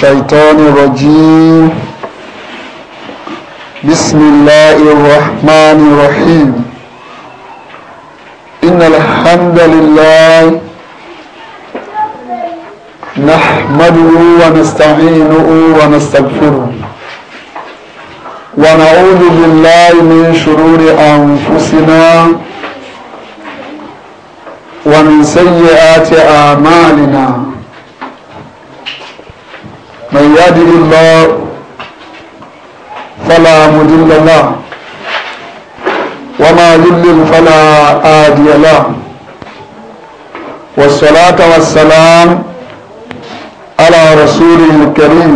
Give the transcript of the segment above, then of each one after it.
الشيطان الرجيم بسم الله الرحمن الرحيم إن الحمد لله نحمده ونستعينه ونستغفره ونعوذ بالله من شرور أنفسنا ومن سيئات أعمالنا من يهده الله فلا مضل له وما يضلل فلا هادي له والصلاة والسلام على رسوله الكريم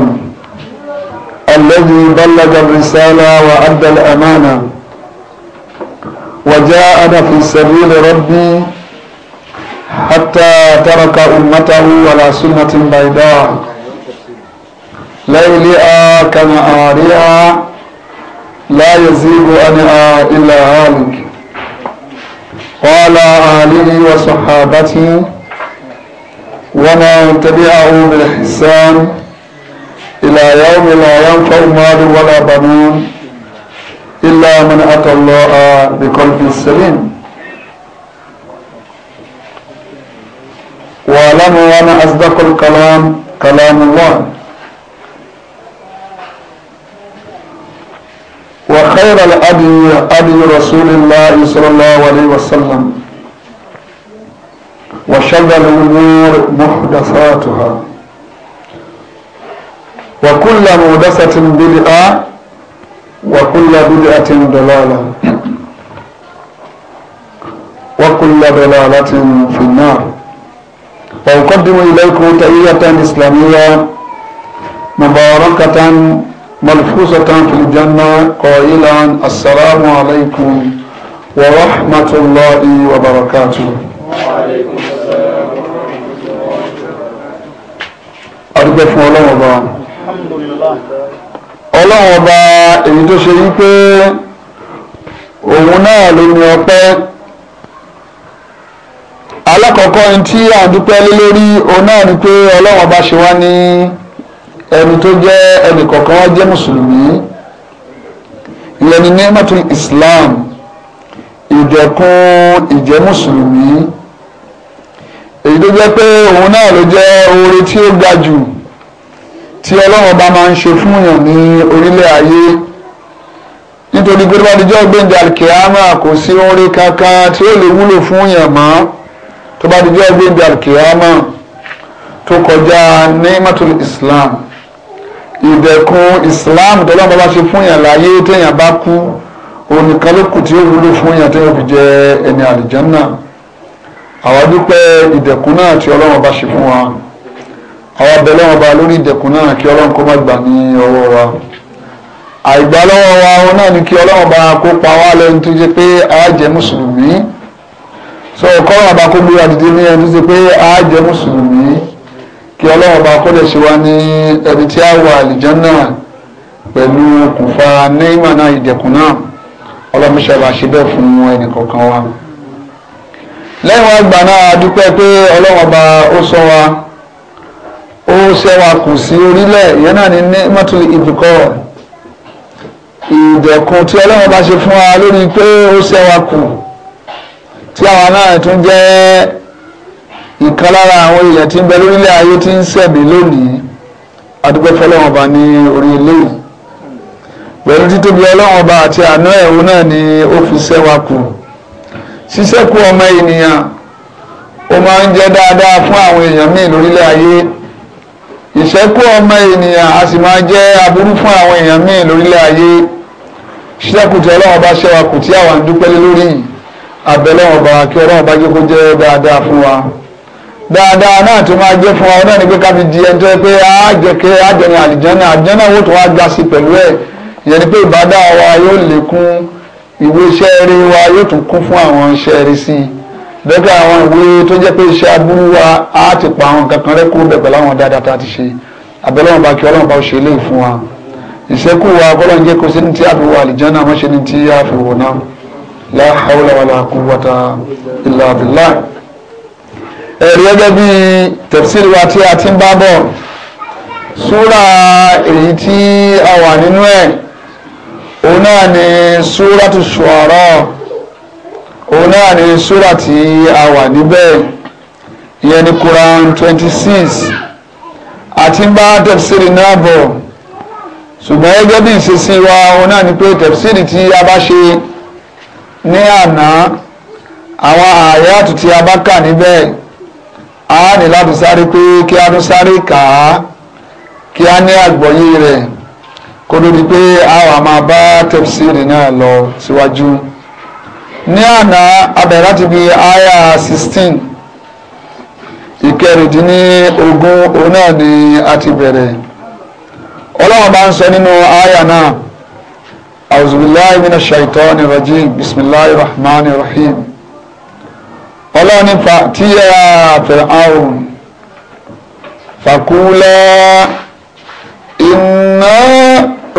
الذي بلغ الرسالة وأدى الأمانة وجاءنا في سبيل ربي حتى ترك أمته على سنة بيضاء ليلئا آريا لا يزيد عنها إلا هالك قال آله وصحابته ومن تبعه بالإحسان إلى يوم لا ينفع مال ولا بنون إلا من أتى الله بقلب سليم واعلموا أن أصدق الكلام كلام الله وخير الأبي أبي رسول الله صلى الله عليه وسلم وشر الأمور محدثاتها وكل مهدسة بدعة وكل بدعة ضلالة وكل ضلالة في النار وأقدم إليكم تحية إسلامية مباركة ملفوظة في الجنة قائلا السلام عليكم ورحمة الله وبركاته وعليكم السلام ورحمة الله وبركاته أرجو فولو الحمد لله ọlọ́run ọba èyí tó ṣe yí pé òun náà ló ní ọpẹ́ alákọ̀ọ́kọ́ ní tí à ń dúpẹ́ lé lórí òun náà ni pé ọlọ́run ọba ṣe wá ní ẹni tó jẹ́ ẹnì kọ̀ọ̀kan wá jẹ́ mùsùlùmí ìyẹn ni nimatul islam ìdẹ̀kùn ìjẹ́ mùsùlùmí èyí tó jẹ́ pé òun náà ló jẹ́ oore tí ó ga jù tí ọlọ́run bá máa ń ṣe fún èèyàn ní orílẹ̀ ayé nítorí pé wọ́n ti jọ́ gbẹ̀ǹdà kìámà kò sí oore kankan tí ó lè wúlò fún èèyàn mọ́ tó bá ti gbẹ̀ǹdà kìámà tó kọjá ní mọ́tò islam ìdẹ̀kùn Islam tọ́lọ́mọ bá ṣe fún yàn láyé téèyàn bá kú onìkan ló kù tí ó wúlò fún yàn téèyàn fi jẹ ẹni àlìjánná àwa dúpẹ́ ìdẹ̀kùn náà tí Ọlọ́run bá ṣe fún wa àwa bẹ̀ lọ́wọ́ bá lórí ìdẹ̀kùn náà kí Ọlọ́run kó má gbà ní ọwọ́ wa àìgbà lọ́wọ́ wa òun náà ni kí Ọlọ́run bá kó pa wá lẹ́nu tó jẹ́ pé a jẹ́ mùsùlùmí sọ kọ́rọ̀ bá kó ní ẹni tó jẹ́ pé a jẹ́ mùsùlùmí. So, kí ọlọ́run bá kọ́lẹ̀ ṣe wa ní ẹni tí a wà àlìjánná pẹ̀lú okùnfà neema náà ìdẹ̀kùn náà ọlọ́run ṣẹlẹ̀ àṣebẹ̀ fún ẹnì wa. lẹ́yìn wá gbà náà a dúpẹ́ pé ọlọ́run bá ó sọ wa ó ṣẹ́ wa kù sí orílẹ̀ ìyẹn náà ní neematul ibùkọ́ ìdẹ̀kùn tí ọlọ́run bá ṣe fún wa lórí pé ó ṣẹ́ wa kù tí àwa náà tún jẹ́ ìkan lára àwọn èèyàn tí ń bẹ lórílẹ̀ ayé tí ń ṣẹ̀mí lónìí adúgbò fọlọ́wọ́n ọba ní orí eléyìí pẹ̀lú títóbi ọlọ́wọ́n ọba àti àánú ẹ̀rú náà ni ó fi ṣẹ́wà kù ṣíṣẹ́kù ọmọ ènìyàn ó máa ń jẹ́ dáadáa fún àwọn èèyàn míì lórílẹ̀ ayé ìṣẹ́kù ọmọ ènìyàn a sì máa jẹ́ aburú fún àwọn èèyàn míì lórílẹ̀ ayé ṣíṣẹ́kù tí ọlọ́wọ́n ọba ṣẹ́wà tí àwọn àdúpẹ́lẹ́ lórí abẹ́lẹ́wọ̀n ọba kí ọlọ́wọ́n ọba jẹ́ kó jẹ́ dáadáa fún wa dáadáa náà tó máa jẹ́ fún wa náà ni pé ká fi di ẹni tó yẹ pé á jẹ kí á jẹ ní àlìjánná àlìjánná wò tó wá ga sí pẹ̀lú ẹ̀ ìyẹn ni pé ìbádá wa yóò lékún ìwé iṣẹ́ rí wa yóò tún kún fún àwọn iṣẹ́ rí sí i bẹ́ẹ̀ àwọn ìwé tó jẹ́ pé iṣẹ́ aburú wa á ti pa àwọn kankan rẹ́ kúrò bẹ̀ pẹ̀lú dáadáa tá a ti ṣe abẹ́lẹ́wọ̀n bá kí ọlọ́run bá ṣe léè fún wa ìṣẹ́kù wa kọ́lọ́n jẹ́ kó sí ní tí a fi wọ àlìjánná mọ́ṣẹ́ ní tí a fi wọ̀ náà ẹ̀rí gẹ́gẹ́ bí tafsir wa tí a ti ń bá bọ̀ súra èyí tí a wà nínú ẹ̀ òun náà ni súratu Shu'ara òun náà ni súra tí a wà níbẹ̀ ìyẹn ni Quran twenty six àti ń bá tafsir náà bọ̀ ṣùgbọ́n gẹ́gẹ́ bí ìṣesí wa òun náà ni pé tafsir tí a bá ṣe ní àná àwọn àyàtù tí a bá kà níbẹ̀ a ní láti sáré pé kí a tún sáré kà á kí a ní àgbọ́yé rẹ̀ kó ló di pé a wà máa bá tẹ̀síìrì náà lọ síwájú ní àná abẹ̀rẹ̀ láti bí aya sixteen ìkẹrìndínlógún òun náà ni a ti bẹ̀rẹ̀ ọlọ́run bá ń sọ nínú aya náà auzubillahi minash shaitani rajim bismillahir rahmanir rahim ọlọ́ni tíyà fìràhùn fàkúlẹ̀ iná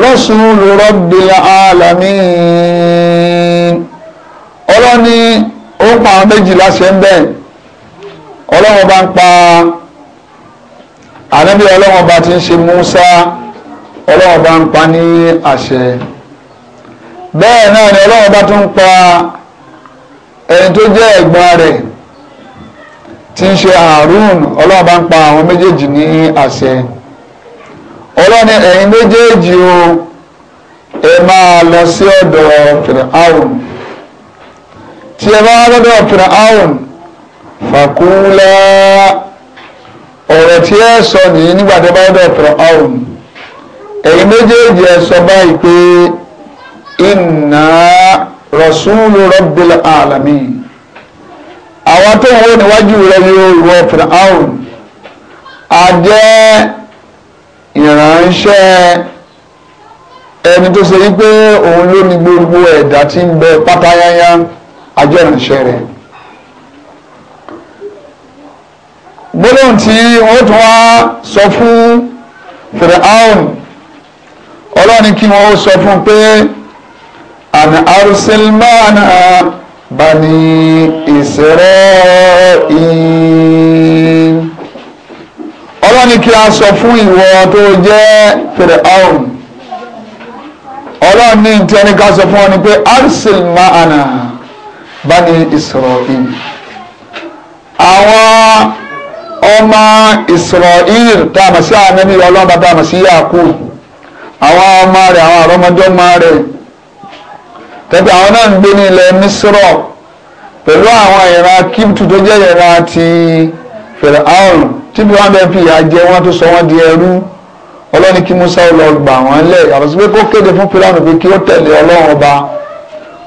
rọ́ṣùlù rọ́bì alàmì ọlọ́ni ó pa àwọn méjìlá ṣe ń bẹ́ẹ̀ ọlọ́wọ́n bá ń pa ànábì ọlọ́wọ́n bá ti ń ṣe Musa ọlọ́wọ́n bá ń pa ní àṣẹ bẹ́ẹ̀ náà ni ọlọ́wọ́n bá tún pa ẹni tó jẹ́ ẹ̀gbọ́n rẹ̀ tí ń ṣe Harun ọlọ́run bá ń pa àwọn méjèèjì ní àṣẹ ọlọ́ni ẹ̀yin méjèèjì o ẹ máa lọ sí ọ̀dọ̀ Fir'aun tí ẹ bá wá lọ́dọ̀ Fir'aun fàkúńlá ọ̀rọ̀ tí ẹ sọ nìyí nígbà tó bá lọ́dọ̀ Fir'aun ẹ̀yin méjèèjì ẹ sọ báyìí pé ìnáà rasulu rabbil alamin àwa tó ń wó níwájú rẹ̀ ni ó rọ firaun a jẹ́ ìránṣẹ́ ẹni tó ṣe wípé òun ló ní gbogbo ẹ̀dá tí ń bẹ pátáyáyá a jẹ́ ìránṣẹ́ rẹ̀. gbólóhùn tí wọ́n tún wá sọ fún firaun ọlọ́run kí wọ́n sọ fún pé àni arúsílmánà bani Isra'il ọlọ́ni kí a sọ fún ìwọ tó jẹ́ Fir'aun ọlọ́ni tí ẹni ká sọ fún ọ ni pé arúsílmánà bani Isra'il àwọn ọmọ Isra'il tá a mọ̀ sí àmì ọlọ́ba tá sí Yakub àwọn ọmọ rẹ̀ àwọn àrọ́mọdọ́mọ rẹ̀ pẹ̀lú àwọn náà ń gbé ní ilẹ̀ Mísírọ̀ pẹ̀lú àwọn ìran kíptù tó jẹ́ ìran ti Firaun tí bí wọ́n bẹ fi ìyà jẹ wọ́n tó sọ wọ́n di ẹrú ọlọ́ni kí Musa ó lọ gbà wọ́n lẹ̀ yàtọ̀ sí pé kó kéde fún Firaun pé kí ó tẹ̀lé Ọlọ́run ọba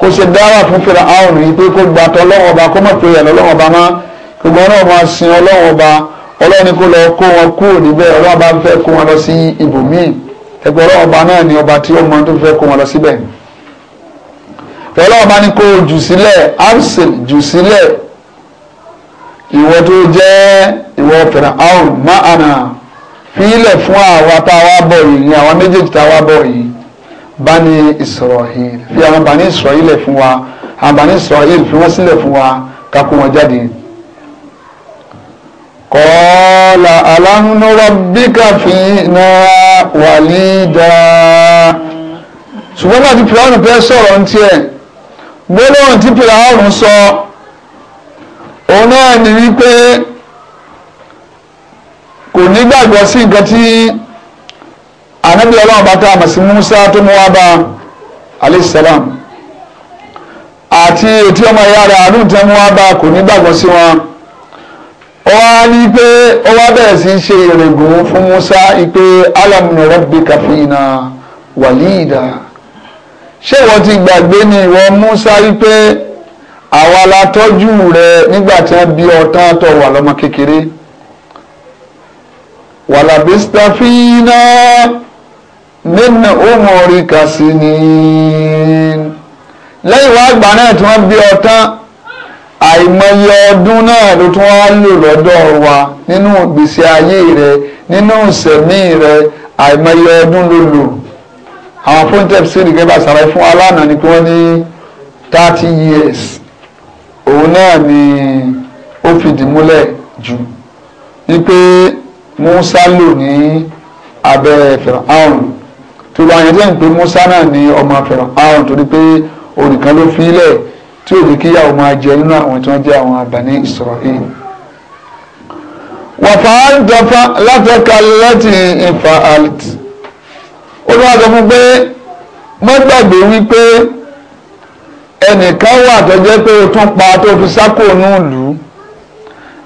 kó ṣe dára fún Firaun yìí pé kó gba tọ Ọlọ́run ọba kó mọ̀ pé ẹ̀ lọ́lọ́run ọba má gbogbo náà máa sin Ọlọ́run ọba Ọlọ́ni kó lọ kó wọn kúrò níbẹ̀ Ọlọ́run ọba fẹ́ kó wọn lọ sí ibòmíì ẹgbẹ́ Ọlọ́run ọba náà ni ọba tí ó mọ tó fẹ́ kó wọn lọ síbẹ̀ tọ́lọ́wọ́ bá ní kó o jù sílẹ̀ absil jù sílẹ̀ ìwọ tó jẹ́ ìwọ Fir'aun ma'ana fílẹ̀ fún àwa tá a wá bọ̀ yìí ni àwa méjèèjì tá a wá bọ̀ yìí Bani Isra'il fi àwọn Bani Isra'il fún wa àwọn Bani Isra'il fi wọ́n sílẹ̀ fún wa kakú wọn jáde. kọ́ọ̀lá aláhùnúrọ̀ bíkà fi na wà ní dáa ṣùgbọ́n láti fi àwọn ìpẹ́ sọ̀rọ̀ ní tiẹ̀ gbólóhùn tí fìràwọ̀n sọ òun náà ní wípé kò nígbàgbọ́ sí nǹkan tí ànábì ọlọ́run bá tá a mọ̀ sí Musa tó mú wá bá alayhis salam àti ètí ọmọ ìyá rẹ̀ àánú tẹ́ mú wá bá kò nígbàgbọ́ sí wọn ó wá ní pé ó wá bẹ̀rẹ̀ sí ṣe ìrègùn fún Musa ipe alam nurabbika fina walida ṣé wọ́n ti gbàgbé ni ìwọ Musa wípé àwa la tọ́jú rẹ nígbà tí wọ́n bí ọtán tó wà lọ́mọ kékeré wàlàbísítà fínà nínú òmòrí kàsí ni lẹ́yìn wá àgbà náà tí wọ́n bí ọtán àìmọye ọdún náà ló tún wá lò lọ́dọ̀ wa nínú ìgbésí ayé rẹ nínú ìsẹ̀mí rẹ àìmọye ọdún ló lò àwọn fún tẹ́písìrì gẹ́gẹ́ bá sàlàyé fún alánà ni pé wọ́n ní thirty years òun náà ni ó fìdí múlẹ̀ jù wípé Musa lò ní abẹ́ Firaun tó bá yẹn jẹ́ ń pé Musa náà ni ọmọ Firaun torí pé onìkan ló fi ilẹ̀ tí ò ní kíyàwó máa jẹ nínú àwọn tí wọ́n jẹ́ àwọn Bani Israel wàfà ń dọ́fà látẹ̀ka lẹ́tì ìfà àlìtì olúwa sọ fún pé má gbàgbé wípé ẹnìkan wà tó jẹ́ pé o tún pa tó fi sákò nù lù ú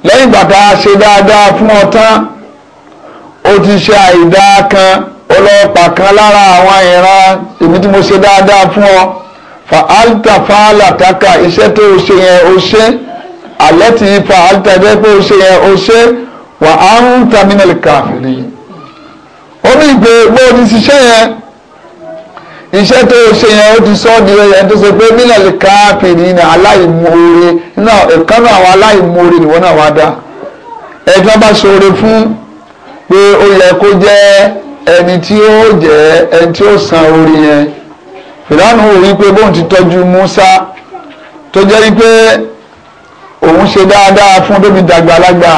lẹ́yìn ìgbà tá a ṣe dáadáa fún ọ tán o ti ṣe àìdáa kan ọlọ́pàá kan lára àwọn ìran èmi tí mo ṣe dáadáa fún ọ fa alta fa alataka iṣẹ́ tó o ṣe yẹn o ṣe alẹ́ ti fa alta ẹgbẹ́ pé o ṣe yẹn o ṣe wà á ń ta mínẹ́lì káfíìrì ó ní ìpè bó ti ṣiṣẹ́ yẹn iṣẹ́ tó ṣe yẹn ó ti sọ́ di ẹyẹ tó ṣe pé mílẹ̀ lè ká pìrì ní aláìmoore náà ìkànnì àwọn aláìmoore nìwọ náà wá dá ẹjọ́ bá ṣoore fún pé ó yẹ kó jẹ́ ẹni tí ó jẹ́ ẹni tí ó san orí yẹn ìdánù ò rí pé bóun ti tọ́jú Musa tó jẹ́ wípé òun ṣe dáadáa fún tóbi dàgbàlagbà.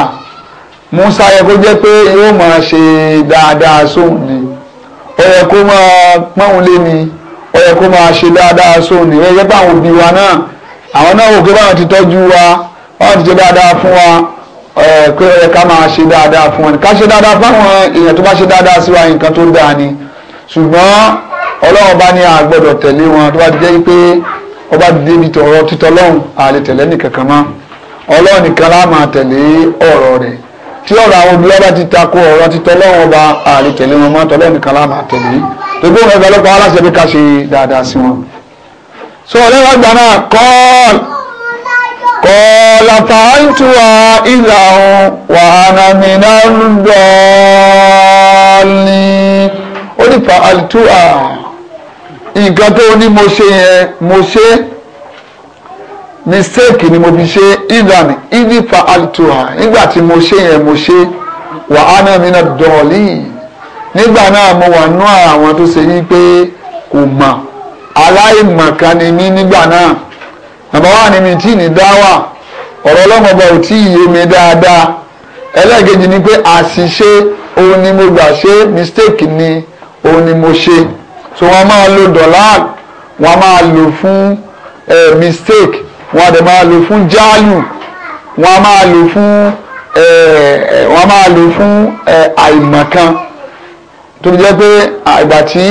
Musa yẹ kó jẹ́ pé yóò máa ṣe dáadáa sóhun ni ó yẹ kó máa pọ́nhùn lé ni ó yẹ kó máa ṣe dáadáa sóhun ni ó yẹ bá àwọn òbí wa náà àwọn náà wò pé báwọn ti tọ́jú wa báwọn ti ṣe dáadáa fún wa pé ó yẹ ká máa ṣe dáadáa fún wa ká ṣe dáadáa fáwọn èèyàn tó bá ṣe dáadáa sí wa nǹkan tó dáa ni ṣùgbọ́n Ọlọ́run bá ní a tẹ̀lé wọn tó bá jẹ́ pé ọba débi tọ̀rọ̀ títọ́ lọ́hùn àlè tẹ̀lé nìkankan mọ́ Ọlọ́run nìkan lá máa tẹ̀lé ọ̀rọ̀ rẹ̀ tí ọ̀rọ̀ àwọn obìnrin bá ti takò ọ̀rọ̀ ti tọ́lọ́wọ́ ọba àlè tẹ̀lé wọn mọ́ tọ́lọ́ nìkan láàmà tẹ̀lé tó gbóhùn ẹgbẹ́ ọlọ́pàá aláṣẹ bí ká ṣe dáadáa sí wọn. sọ ọlẹ́wà gbà náà kọ́ọ̀lù kọ́ọ̀lù fàáìtùwà ìlà ọ̀hún wàhánà mìíràn ń dọ̀ọ́lì ó ní fàáìtùwà nǹkan tó ní mo ṣe yẹn mo ṣe é mistake ni mo fi ṣe idan idifa altuha nígbà tí mo ṣe yẹn mo ṣe wàhánà mi náà dọ̀ọ̀lì nígbà náà mo wà nú àwọn tó ṣe yí pé kò mọ̀ aláìmọ̀kan ni mí nígbà náà bàbá wa ni mi tí ní dáwà ọ̀rọ̀ ọlọ́mọba ò tí ì yé mi dáadáa ẹlẹ́ẹ̀kejì ni pé àṣìṣe òun ni mo gbà ṣe mistake ni òun ni mo ṣe so wọ́n máa lo dọ̀là wọ́n máa lò fún eh, mistake wọ́n á dẹ̀ máa lò fún jáàlù wọ́n á máa lò fún wọ́n á máa lò fún àìmọ̀kan tó fi jẹ́ pé àgbà tí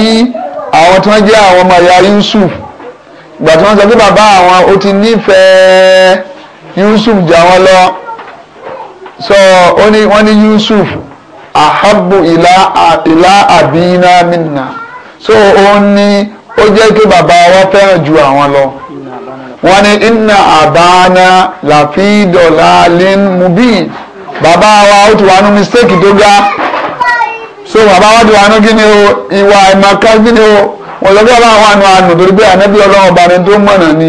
àwọn tí wọ́n jẹ́ àwọn ọmọ ìyá Yusuf ìgbà tí wọ́n sọ pé bàbá àwọn ó ti nífẹ̀ẹ́ Yusuf jà wọ́n lọ sọ ó ní wọ́n ní Yusuf ahabu ìlà ìlà àbínà minna so òun ni ó jẹ́ kí bàbá wọn fẹ́ràn ju àwọn lọ wọ́n ní inna àbáná làfíìdọ̀lá lẹ́nmubí bàbá wa ó ti wà nú mistake tó ga so bàbá wa ti wà nú gíní o ìwà ìmọ̀ká gíní o wọ́n lọ bí bàbá wa nù ànú torí pé ànábì ọlọ́run ọba ni tó mọ̀nà ni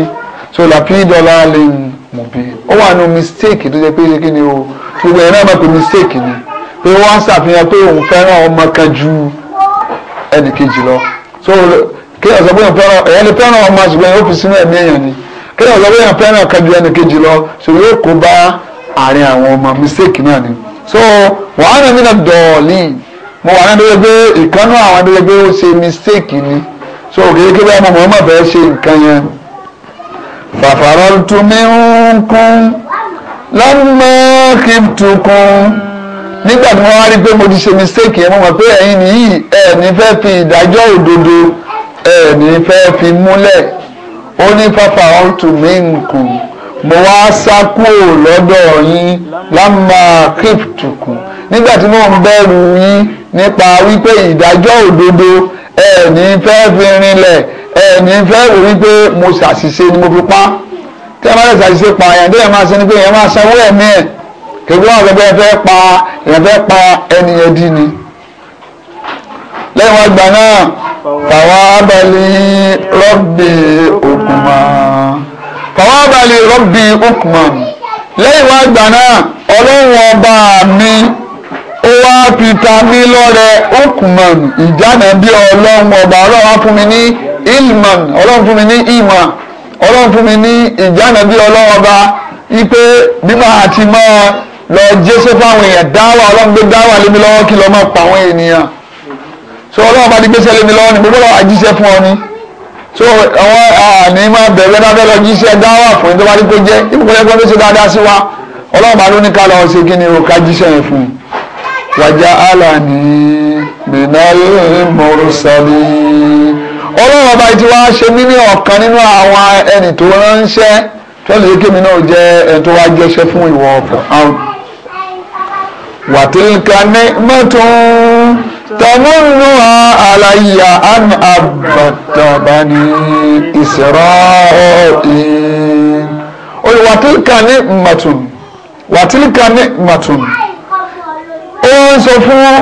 so làfíìdọ̀lá lẹ́nmubí ó wà nú mistake tó jẹ́ pé ṣe gíní o gbogbo ẹ̀ náà mọ̀ pé mistake ni pé wọ́n ń ṣàfihàn pé òun fẹ́ràn ọmọ kan ju ẹnì kejì lọ so kí ọ̀sán pé òun fẹ́ràn ẹ̀yẹ́ lè fẹ́ràn ọmọ àṣùgbọ́n ó fi sínú ẹ̀mí èèyàn ni kí ọ̀sán bóyá fẹ́ràn kan ju ẹnì kejì lọ ṣòwò yóò kó bá àárín àwọn ọmọ mistake náà ni so wàhánà mi náà dọ̀ọ̀lì mo wà náà dẹ́gbẹ́ ìkànnú àwọn dẹ́gbẹ́ ó ṣe mistake ni so òkèèrè kí báyà mo mọ̀ fẹ́ ṣe nǹkan yẹn fàfàrọ̀ tumi ń kún lọ́mọ kí n tún kún nígbà tí wọ́n wá rí pé mo ti ṣe mistake yẹn mo mọ̀ pé ẹ̀yin nìyí ẹ̀ ní fẹ́ fi ìdájọ́ òdodo ẹ̀ ní fẹ́ fi múlẹ̀ ó ní pápá ọ̀tún mi nkùn mo wá sá kúrò lọ́dọ̀ yín lámà kíptùkùn nígbà tí mò ń bẹ̀rù yín nípa wípé ìdájọ́ òdodo ẹ̀ẹ̀ni fẹ́ fi rinlẹ̀ ẹ̀ẹ̀ni fẹ́ rò wípé mo ṣàṣìṣe ni mo fi pa tí ẹ bá lè ṣàṣìṣe pa èèyàn tí ẹ máa ṣe ni pé èèyàn máa sanwó ẹ̀mí ẹ̀ kébí wọn àgbẹ̀bẹ̀ fẹ́ pa èèyàn fẹ́ pa ẹnìyẹn dí ni lẹ́yìn wọ́n gbà náà fàwọn abàlẹ̀ rọ́bì okùnmọ̀ fàwọn abàlẹ̀ rọ́bì okùnmọ̀ lẹ́yìn wọ́n gbà náà ọlọ́run ọba mi ó wá fi ta mí lọ́rẹ okùnmọ̀ ìjánà bí ọlọ́run ọba ọlọ́run fún mi ní ilman ọlọ́run fún mi ní ìmọ̀ ọlọ́run fún mi ní ìjánà bí ọlọ́run ọba ipe bí máa ti máa lọ jésù fáwọn èèyàn dáwà ọlọ́run gbé dáwà lémi lọ́wọ́ kí lọ́ọ́ máa pa àwọn ènìyàn so ọlọ́run bá ti gbé sẹ́lẹ̀ mi lọ́wọ́ ni mo gbọ́dọ̀ àjíṣẹ́ fún ọ ni so àwọn àní máa bẹ̀rẹ̀ bá fẹ́ lọ jíṣẹ́ dáwà fún ẹni tó bá rí kó jẹ́ ipò kọ́lẹ́ kọ́lẹ́ ṣe dáadáa sí wa ọlọ́run bá ló ká lọ ṣe kí ni o ká jíṣẹ́ yẹn fún un. wàjà alani minali morusali ọlọ́run ọba ti wá ṣe mí ní ọ̀kan nínú àwọn ẹni tó ránṣẹ́ tó lè kémi náà jẹ́ ẹni tó wá jẹ́ṣẹ́ fún ìwọ ọ̀pọ̀ àwọn. wàtílkà ní mẹ́tún تمنها علي أن أبت بني إسرائيل وتلك نعمة وتلك نعمة ó ń sọ fún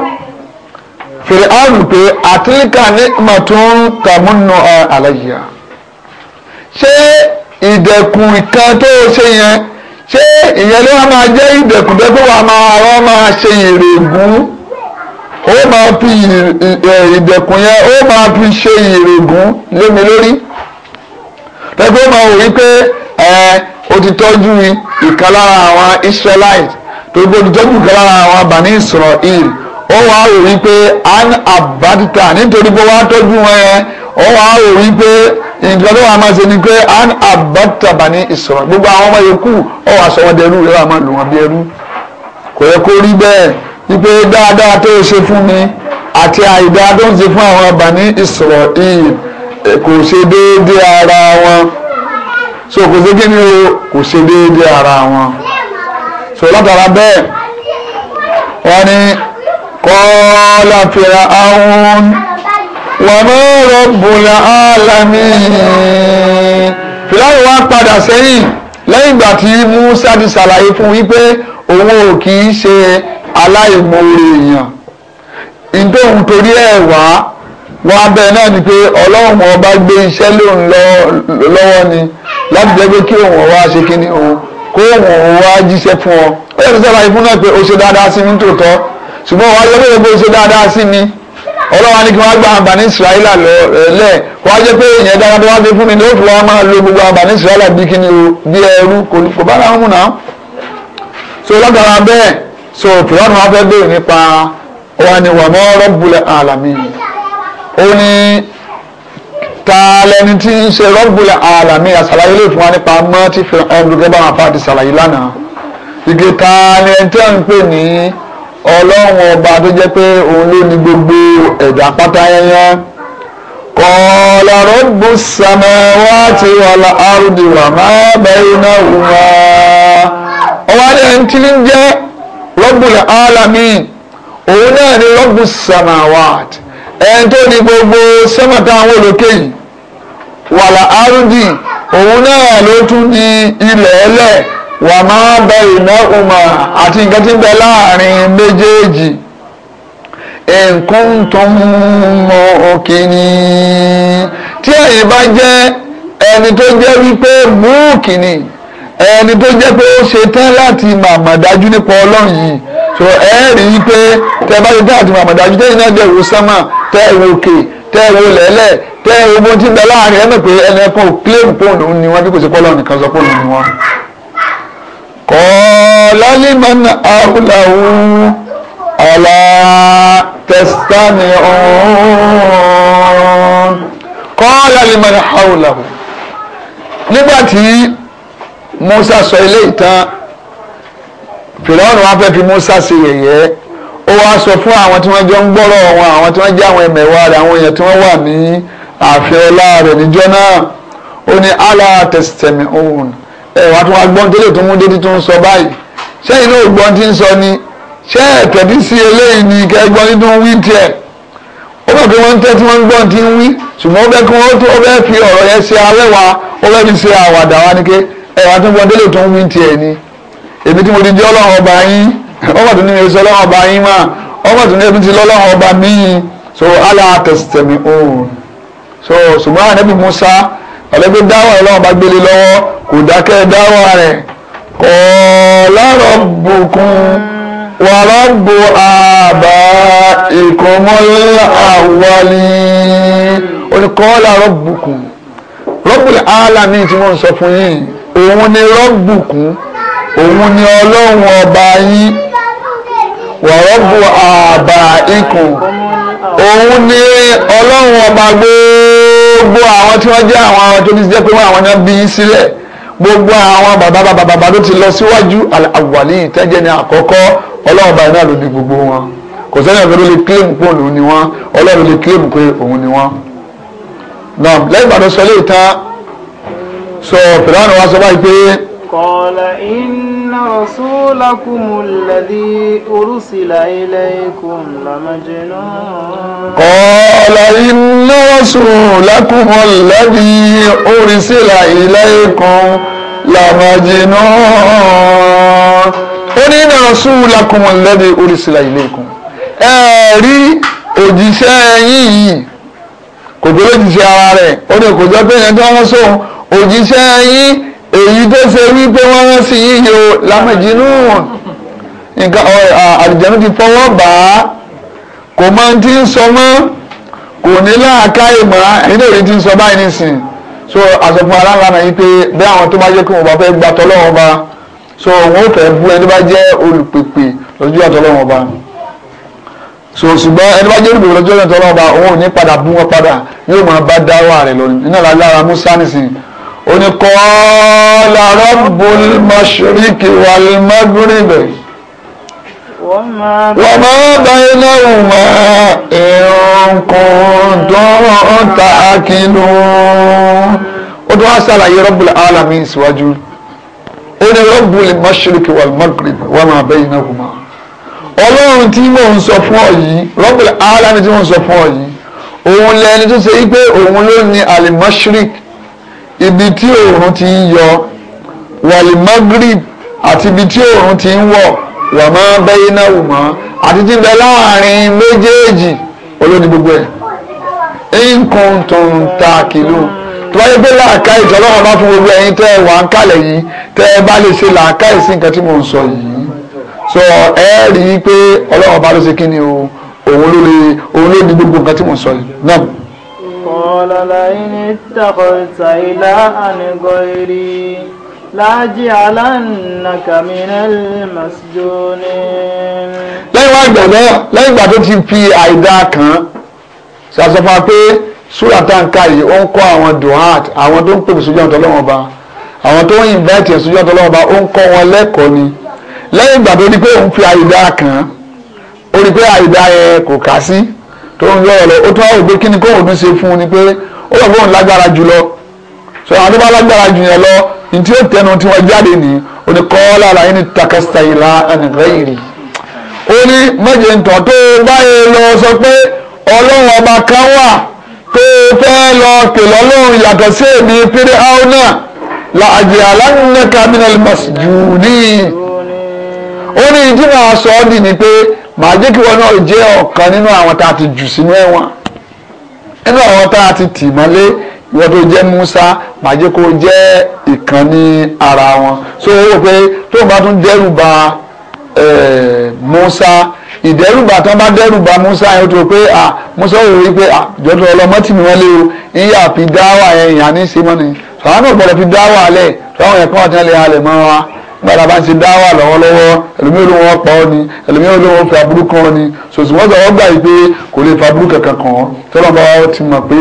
fìrìhàn pé àtìlíkà ní màtún tàmúnú àlàyé ṣé ìdẹ̀kùn ìkan tó ṣe yẹn ṣé ìyẹn ló wá máa jẹ́ ìdẹ̀kùn tó wá máa wá máa ṣe ìrègùn ó máa fi ìdẹ̀kùn yẹn ó máa fi ṣe ìrègùn lé lórí lẹ́gbẹ́ ó máa wò wípé ẹ ó ti tọ́jú ìkan lára àwọn Israelite tó gbójú tọ́jú ìkan lára àwọn Bani Israel ó wá wò wípé an abadita nítorí pé wá tọ́jú wọn yẹn ó wá wò wípé nǹkan tó wà máa ṣe ni pé an abadita Bani Israel gbogbo àwọn ọmọ Ipe dáadáa tó ṣe fún mi àti àìdáa tó ń ṣe fún àwọn Bani Israel kò ṣe déédéé ara wọn so kò ṣe kí ni o kò ṣe déédéé ara wọn so látara bẹ́ẹ̀ wọ́n ní kọ́ọ́lá fìrà áhùn wàmọ́ rọ̀bùlà álámì. fìlàwọ̀ wá padà sẹ́yìn lẹ́yìn ìgbà tí Musa ti ṣàlàyé fún wípé òun ò kì í ṣe aláìmoore èèyàn ǹjẹ́ òun torí ẹ̀ wá wọn abẹ́ náà ni pé ọlọ́run ọba gbé iṣẹ́ lóun lọ́wọ́ ni láti jẹ́ pé kí òun wá ṣe kí ni òun kó òun wá jíṣẹ́ fún ọ ó yẹ kí sábà yìí fún náà pé o ṣe dáadáa sí mi tòótọ́ ṣùgbọ́n wàá jẹ́ pé o ṣe dáadáa sí mi ọlọ́run á kí wọ́n gba àǹbàní ìsìráìlà lẹ̀ kó wá jẹ́ pé èèyàn dára tó wá gbé fún mi ní òfin wa máa lo gbogbo àǹbàní ìsìráìlà bí kí ni o bí ẹrú kò bá láwọn mú náà so lọ́gàrà bẹ́ẹ̀ so pìlọ́nù wọn fẹ́ béèrè nípa wa ni wà mọ́ Rabbul Alamin ó ní ta lẹni tí ń ṣe Rabbul Alamin àṣàlàyé lè fún wa nípa mọ́ tí fi ọdún gẹ́gẹ́ bá wọn fà ti ṣàlàyé lánàá ìgbé ta ni ẹni tí wọ́n ń pè ní ọlọ́run ọba tó jẹ́ pé òun ló ní gbogbo ẹ̀dá pátá yẹn kọ́ọ̀lá rọ́bù samawati wal ardi wà má bẹ́ẹ̀ náà wù wá ọwọ́ ni ẹni tí ń jẹ́ Rabbul alamin òun náà ni Rabbus samawat ẹni tó ní gbogbo sẹ́mọ̀tà àwọn olókè yìí wàlà árùndì òun náà ló tún ní ilẹ̀ ẹlẹ̀ wà máa bẹ ìná ọmọ àti nǹkan tí ń bẹ láàrin méjèèjì nǹkan tó ń mọ òkè tí ẹ̀yin bá jẹ́ ẹni tó jẹ́ wípé múùkì ni ẹni tó jẹ́ pé ó ṣe tán láti màmá dájú nípa ọlọ́run yìí so ẹ rí i pé tẹ bá ṣe tán láti màmá dájú tẹ́yìn náà dẹ̀ wò sánmà tẹ́ ẹ wò òkè tẹ́ ẹ wò lẹ́lẹ̀ tẹ́ ẹ wò bó ti ń bẹ láàrin ẹ mọ̀ pé ẹni ẹ kàn claim pọ́ùn òun ni wọ́n bí kò sí pọ́lọ́ nìkan sọ pọ́ùn ni wọ́n. kọ́ lálẹ́mọ̀nà àwùláwù àlà ọ̀hún kọ́ lálẹ́mọ̀nà àwùláwù nígbà tí. Musa sọ ilé ìtàn Fìrọ́ọ̀nù wọn fẹ́ fi Musa ṣe yẹ̀yẹ́ ó wá sọ fún àwọn tí wọ́n jọ ń gbọ́rọ̀ wọn àwọn tí wọ́n jẹ́ àwọn ẹ̀mẹ̀wá rẹ̀ àwọn èèyàn tí wọ́n wà ní ààfin ọlá rẹ̀ níjọ́ náà ó ní allah testament own ẹ̀ wá tí wọ́n gbọ́n tó lè tó mú dédé tó ń sọ báyìí sẹ́yìn náà gbọ́n tí ń sọ ni ṣé ẹ̀tẹ̀dí sí eléyìí ni kẹ́gbọ́n nínú wí tiẹ̀ ó bẹ̀ pé wọ́n ń tẹ́ tí wọ́n ń gbọ́n tí ń wí ṣùgbọ́n ó bẹ́ fi ọ̀rọ̀ yẹn ṣe arẹ́wà ó fẹ́ fi ṣe àwàdà wa ni ké ẹ̀wà tó ń bọ́ délé tó ń wí tiẹ̀ ni èmi tí mo ti jẹ́ ọlọ́run ọba yín ọmọ tó ní ẹ̀sọ́ ọlọ́run ọba yín mà ọmọ tó ní ẹ̀mí ti lọ́lọ́run ọba míì so ala tẹ̀sítẹ̀mí òun so ṣùgbọ́n ànábì Musa ọ̀lẹ́gbẹ́ dáwà ọlọ́run ọba gbélé lọ́wọ́ kò dákẹ́ dáwà rẹ̀ kọ́ lọ́rọ̀ bùkún wà rọ́bù àbá ìkọ́mọ́lá àwọlé olùkọ́ lọ́rọ̀ bùkún rọ́bù àlámì tí wọ́n sọ fún yìí òun ni rọ́bùkún òun ni ọlọ́run ọba yín wọ̀rọ́bù àbà ikùn òun ni ọlọ́run ọba gbogbo àwọn tí wọ́n jẹ́ àwọn ọmọ tó ní jẹ́ pé wọ́n àwọn náà bí sílẹ̀ gbogbo àwọn bàbá bàbá bàbá ló ti lọ síwájú àwàlí ìtẹ́jẹ́ ni àkọ́kọ́ ọlọ́run ọba náà ló ní gbogbo wọn kò sẹ́ni ọ̀gá ló lè claim pé òun ni wọ́n ọlọ́run ló lè claim pé òun ni wọ́n. lẹ́yìn ìgbà tó sọ so fìlànà wa sọ báyìí pé. kọ́lá iná rọ̀ṣúlá kù mú lẹ́dí orúṣìlá ilẹ̀ ikú làmájẹ́nà. kọ́lá iná rọ̀ṣúlá kù mú lẹ́dí orúṣìlá ilẹ̀ ikú làmájẹ́nà. ó ní iná rọ̀ṣúlá kù lẹ́dí orúṣìlá ilẹ̀ ikú. ẹ̀ẹ́rí òjíṣẹ́ yín kò gbé lójijì ara rẹ̀ ó ní kò jọ pé yẹn tí wọ́n sóhun òjíṣẹ́ yín èyí tó ṣe wípé wọ́n rán sí yín yo lámẹ̀jínú wọn nǹkan àlìjẹ̀nu ti fọwọ́ bá a kò mọ ohun ń sọ mọ́ kò ní láàká ìmọ̀ ẹ̀yin èyí tí ń sọ báyìí nísìnyí so àsọfún aláǹlànà yìí pé bí àwọn tó bá jẹ́ kí wọ́n bá fẹ́ gba tọ́lọ́wọ́n bá so wọn ò fẹ́ bú ẹni bá jẹ́ olùpèpè lójú àtọ́lọ́wọ́n bá so ṣùgbọ́n ẹni bá jẹ́ olùpèpè lójú àtọ́lọ́wọ́n bá òun ò ní padà bú wọn padà yóò máa bá dáwà rẹ̀ lọ nínú àlàyé lára Musa nísìnyí ó ní qala rabbul mashriqi wal maghribi wa ma baynahuma in kuntum ta'qilun ó tó wá sàlàyé rabbul alamin síwájú ó ní rabbul mashriqi wal maghribi wa ma ọlọ́run tí mò ń sọ fún ọ yìí rabbul tí mò ń sọ fún ọ òun lẹni tó ṣe wípé òun ló ní al ibi tí òòrùn ti ń yọ wàlì magrib àti ibi tí òòrùn ti ń wọ̀ wà má bẹ́yẹ náà wù mọ́ àti ti bẹ láàrin méjèèjì olódi gbogbo ẹ̀ nǹkan tó ń ta kìlú tó bá yẹ pé làákà ìtọ́lọ́wọ́ bá fún gbogbo ẹ̀yin tẹ́ ẹ wà ń kálẹ̀ yìí tẹ́ ẹ bá lè ṣe làákà ìsìn nǹkan tí mò ń sọ yìí sọ ẹ rí i pé ọlọ́wọ́ bá ló ṣe kí ni o òun ló lè òun ló di gbogbo nǹkan tí mò ń sọ yìí náà. قال لئن اتخذت إلها غيري láàjìálánàkà mìíràn màsídóní. lẹ́yìn wá ìgbà náà lẹ́yìn ìgbà tó ti fi àìdá kan ṣàṣọfà pé súrà táǹkà yìí ó ń kọ́ àwọn duhat àwọn tó ń pèpè sójú ọ̀tọ̀ lọ́wọ́ ọba àwọn tó ń invite ẹ̀ sójú ọ̀tọ̀ lọ́wọ́ ọba ó ń kọ́ wọn lẹ́kọ̀ọ́ ni lẹ́yìn ìgbà tó di pé òun fi àìdá kan ó rí pé àìdá yẹn kò kà sí tó ń lọ́rọ̀ lọ ó tún àwọn òpé kí ni kóhùn tún ṣe fún un ni pé ó lọ fóun lágbára jù lọ sọ àwọn tó bá lágbára jù yẹn lọ ní tí ó tẹnu tí wọ́n jáde ní oníkọ́ọ́lá ara yín ni takasita ìlà ẹnìkan ìrì ó ní mẹ́jẹ̀ ntọ́ tó báyìí lọ sọ pé ọlọ́run ọba kan wà tó fẹ́ lọ pè lọ́lọ́run yàtọ̀ sí èmi péré áúnà làjẹ́ alánàkà mìíràn masjúù ní ó ní ìdí máa sọ ọ́ dì ní pé màá jẹ́ kí wọn náà jẹ́ ọ̀kan nínú àwọn tá a ti jù sínú ẹ̀wọ̀n nínú àwọn tá a ti tì mọ́lé ìwọ tó jẹ́ Musa màá jẹ́ kó jẹ́ ìkan ara wọn so ó rò pé tó o bá tún dẹ́rù ba Musa ìdẹ́rùbà tán bá dẹ́rùbà Musa yẹn ó tó pé ah Musa ó rí pé ah jọ́dọ̀ ọlọ́mọ tì mí wọ́n lé o ìyá fi dáwà yẹn ìyá ní símọ́ni sọ̀rọ̀ náà gbọ́dọ̀ fi dáwà lẹ̀ sọ̀rọ̀ yẹn kí wọ́n gbàdá bá ń ṣe dáwà lọ́wọ́lọ́wọ́ ẹlòmí olówó ọ̀pá ọ ni ẹlòmí olówó fi aburú kan ni sòsì wọ́n sọ gbà yìí pé kò lè fa aburú kankan kàn ọ́ tọ́lọ́ bá wa ti mọ̀ pé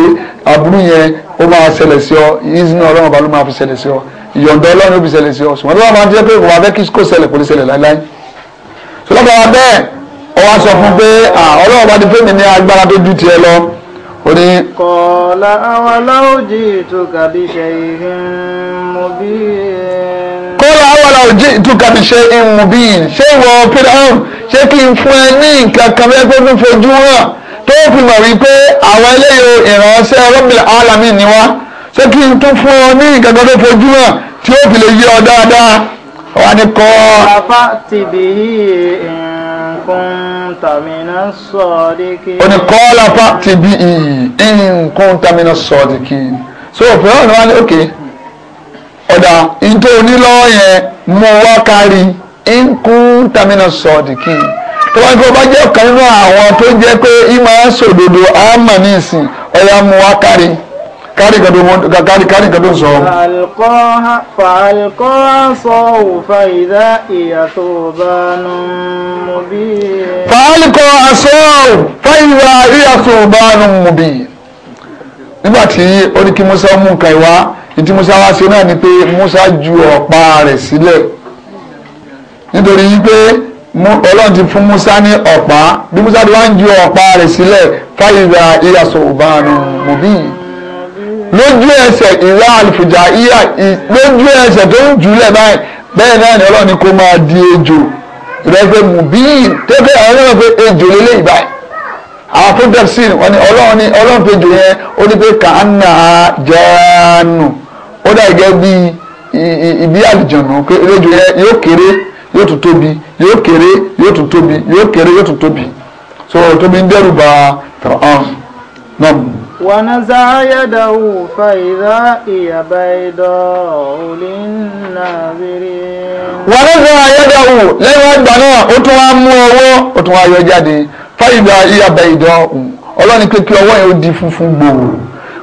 aburú yẹn ó máa ṣẹlẹ̀ sí ọ ìyíṣínà ọlọ́run bá ló máa fi ṣẹlẹ̀ sí ọ ìyọ̀ǹda ọlọ́run ó fi ṣẹlẹ̀ sí ọ ṣùgbọ́n tọ́lọ́ máa ń jẹ́ pé kò fẹ́ kí kò ṣẹlẹ̀ kò lè ṣẹlẹ̀ láíláí sọlọ́ba wa àwọn aláwọ̀ jì tó kàbí ṣe ìhìn mọ́bí ọjí ìtúkàbí ṣe ìmùbíyìn ṣé ìwọ pírẹ́hùn ṣé kí n fún ẹ ní nǹkan kan bẹ́ẹ̀ tó tún fojú hàn tó fi mọ̀ wípé àwọn eléyìí ìrànṣẹ́ ọlọ́mìnira alami ni wá ṣé kí n tún fún ọ ní nǹkan kan tó fojú hàn tí ó fi lè yé ọ dáadáa wà ní kọ́. àfa ti bì í nǹkan tàmínà sọ̀ọ́dẹ́kì. ó ní kọ́ láfa ti bì í nǹkan tàmínà sọ̀ọ́dẹ́kì. so òfin ọ̀nà wa ni ókè ọ̀dà ìtò onílọ́wọ́ yẹn mo wá kárí nkún tamina sọ̀dìkì tó wá pé ọba jẹ́ ọ̀kan nínú àwọn tó jẹ́ pé ìmọ̀ sòdodo àmà ní ìsìn ọ̀yà mo wá kárí kárí kan tó mo kárí kárí kan tó ń sọ. fàlùkọ́ sọ òfà ìdá ìyàtọ̀ ọ̀bánu mú bí. fàlùkọ́ sọ òfà ìdá ìyàtọ̀ ọ̀bánu mú bí. nígbà tí ó musa mú nǹkan ìwá ìtí Musa wá ṣe náà ni pé Musa ju ọ̀pá rẹ̀ sílẹ̀ nítorí wípé Ọlọ́run ti fún Musa ní ọ̀pá bí Musa ti wá ń ju ọ̀pá rẹ̀ sílẹ̀ fáyìlà ìyàsọ̀ òbánu mòbí lójú ẹsẹ̀ ìlà àlùfùjà ìyà lójú ẹsẹ̀ tó ń jùlẹ̀ báyìí bẹ́ẹ̀ náà ni Ọlọ́run ni kó máa di ejò ìrẹ́pẹ́ mòbí tẹ́fẹ́ àwọn náà ejò lélẹ́yìí báyìí àwọn fúdẹ́sìn wọn ni Ọlọ́run ni Ọlọ́run pejò yẹn ó ní pé kàánà jáánù ó dà gẹ́gẹ́ bí ibi àlùjọ̀nù pé eléjò yẹn yóò kéré yóò tún tóbi yóò kéré yóò tún tóbi yóò kéré yóò tún tóbi so tóbi ń dẹ́rù bà Fir'aun náà. ونزع يده فإذا هي بيضاء للناظرين ونزع يده lẹ́yìn ìgbà náà ó tún wá mú ọwọ́ ó tún wá yọ jáde فإذا هي بيضاء ọlọ́ni pé kí ọwọ́ yẹn ó di funfun gbòòrò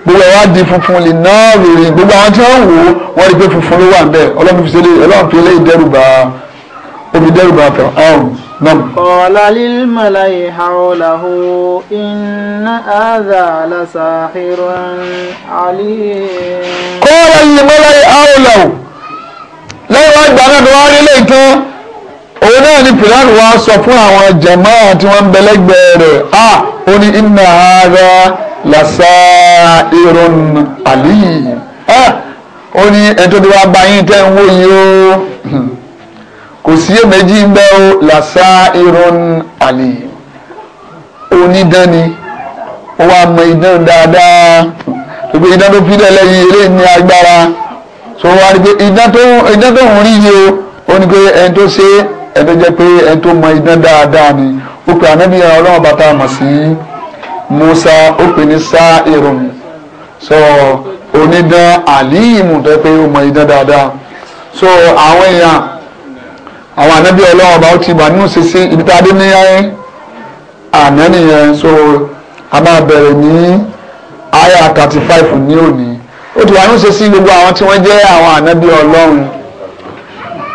gbogbo ẹ̀ wá di funfun lè ná rèrè gbogbo àwọn tí wọ́n wò ó wọ́n rí pé funfun ló wà níbẹ̀ ọlọ́run fi ṣẹlẹ̀ ọlọ́run fi ilé ìdẹ́rùbà omi dẹ́rùbà fẹ̀rẹ̀ ọ̀hún náà. qala lil mala'i hawlahu inna hadha la sahirun alim. qala lil mala'i hawlahu lẹ́yìn wá gbà náà tó wá rí lẹ́yìn tán òun náà ni pìlánù wa sọ fún àwọn jàmáà tí wọ́n ń rẹ̀ ah ó ní inna lasairun alim ah, ó ní ẹni tó ti wá bá yín tẹ́ ń wò yìí o kò sí èméjì ń bẹ́ o lasairun alim onídán ni ó wá mọ idán dáadáa gbogbo idán tó fi lẹ́lẹ́ yìí eléyìí ní agbára so wá rí pé idán tó idán tó ń rí yìí o ó ní pé ẹni tó ṣe ẹni tó jẹ́ pé ẹni tó mọ idán dáadáa ni ó pe ànábìyàn ọlọ́run bàtà mọ̀ sí i. Musa ó pè ní sá irun so onídán àlíìmù tó pé ó mọ idán dáadáa so àwọn èèyàn àwọn ànábì ọlọ́run ọba ó ti wà nínú sísí ibi tá a dé ní àná nìyẹn so a máa bẹ̀rẹ̀ ní aya thirty five ní òní ó ti wà nínú sísí gbogbo àwọn tí wọ́n jẹ́ àwọn ànábì ọlọ́run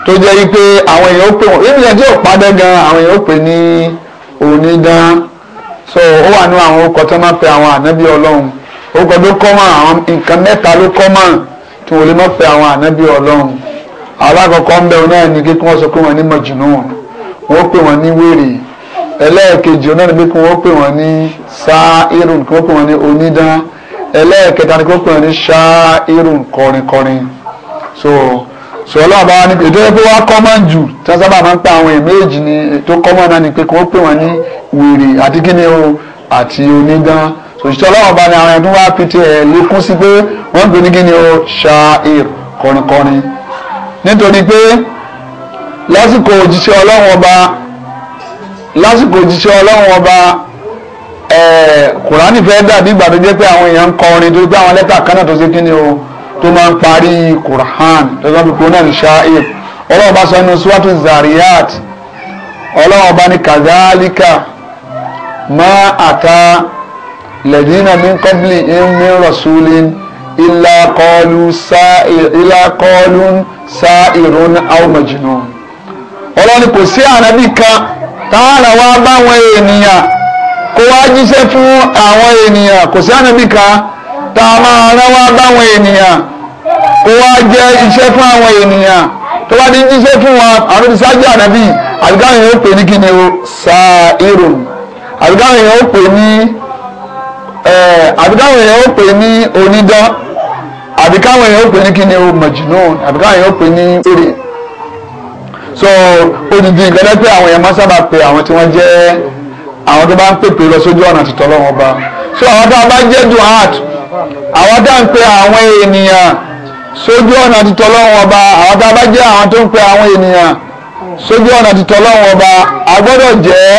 tó jẹ́ wípé àwọn èèyàn ó pè wọ́n ebi yẹn tí ò àwọn èèyàn ó pè ní onídán so ó wà nínú àwọn orúkọ tó máa ń pe àwọn ànábì ọlọ́run orúkọ tó kọ́ mọ́ àwọn nǹkan mẹ́ta ló kọ́ mọ́ tí wọ́n lè má pe àwọn ànábì ọlọ́run alákọ̀ọ́kọ́ ń bẹ wọn náà ní kí wọ́n sọ pé wọ́n ní mọ̀jùnún wọ́n pè wọ́n ní wèrè ẹlẹ́ẹ̀kejì náà ní pé wọ́n pè wọ́n ní sáírùn kí wọ́n pè wọ́n ní onídán ẹlẹ́ẹ̀kẹta ní kí wọ́n pè wọ́n ní sáírùn kọrinkọrin so sọlá ọba wa ni pé ìdọ́jọ́ pé wá kọ́mọ̀n jù tí wọ́n sábà máa ń pè àwọn èméjì ni ètò kọ́mọ̀n náà ni pé kí wọ́n pè wọ́n ní wèrè àti kíni o àti onídán òṣìṣẹ́ ọlọ́run ọba ni àwọn ẹni tó wá fi tiẹ̀ lékún sí pé wọ́n ń pè ní kíni o ṣááìr kọrinkọrin nítorí pé lásìkò òjíṣẹ́ ọlọ́run ọba lásìkò òjíṣẹ́ ọlọ́run ọba kùránì fẹ́ dàbí ìgbà tó jẹ́ pé àwọn èèyàn ń kọrin torí pé àwọn lẹ́tà kan náà tó ṣe kíni o tó máa ń parí Qur'an tọ́jú àbíkú náà ní ṣááìr ọlọ́run bá sọ nínú suwatu zariyat ọlọ́run bá ní kàdálíkà má àta lẹ́dínà ní kọ́bìlì ẹ̀mí rasulin ilà kọlu sáìrún àwùmọ̀jìnà ọlọ́run kò sí ànábì kan tààrà wá báwọn ènìyàn kó wá jíṣẹ́ fún àwọn ènìyàn kò sí ànábì kan tààrà wá báwọn ènìyàn. wa jẹ jẹ́ fún àwọn ènìyàn tó bá ní iṣẹ́ fún wọn àwọn ti ṣáájú àbíkáwọn èèyàn ó pè ní o sáà irò àbíkáwọn èèyàn ó pè ní àbíkáwọn èèyàn ó pè ní onídán àbíkáwọn èèyàn ó pè ní o majnun àbíkáwọn so odidi nǹkan lẹ́pẹ́ àwọn èèyàn máa sábà pe àwọn tí wọ́n jẹ́ àwọn tó bá ń pèpè lọ sójú ọ̀nà tìtọ́ bá so àwọn tó bá jẹ́ sójú ọ̀nà ti tọ́lọ́run ọba àwọn tá a bá jẹ́ àwọn tó ń pe àwọn ènìyàn sójú ọ̀nà ti tọ́lọ́run ọba a gbọ́dọ̀ jẹ́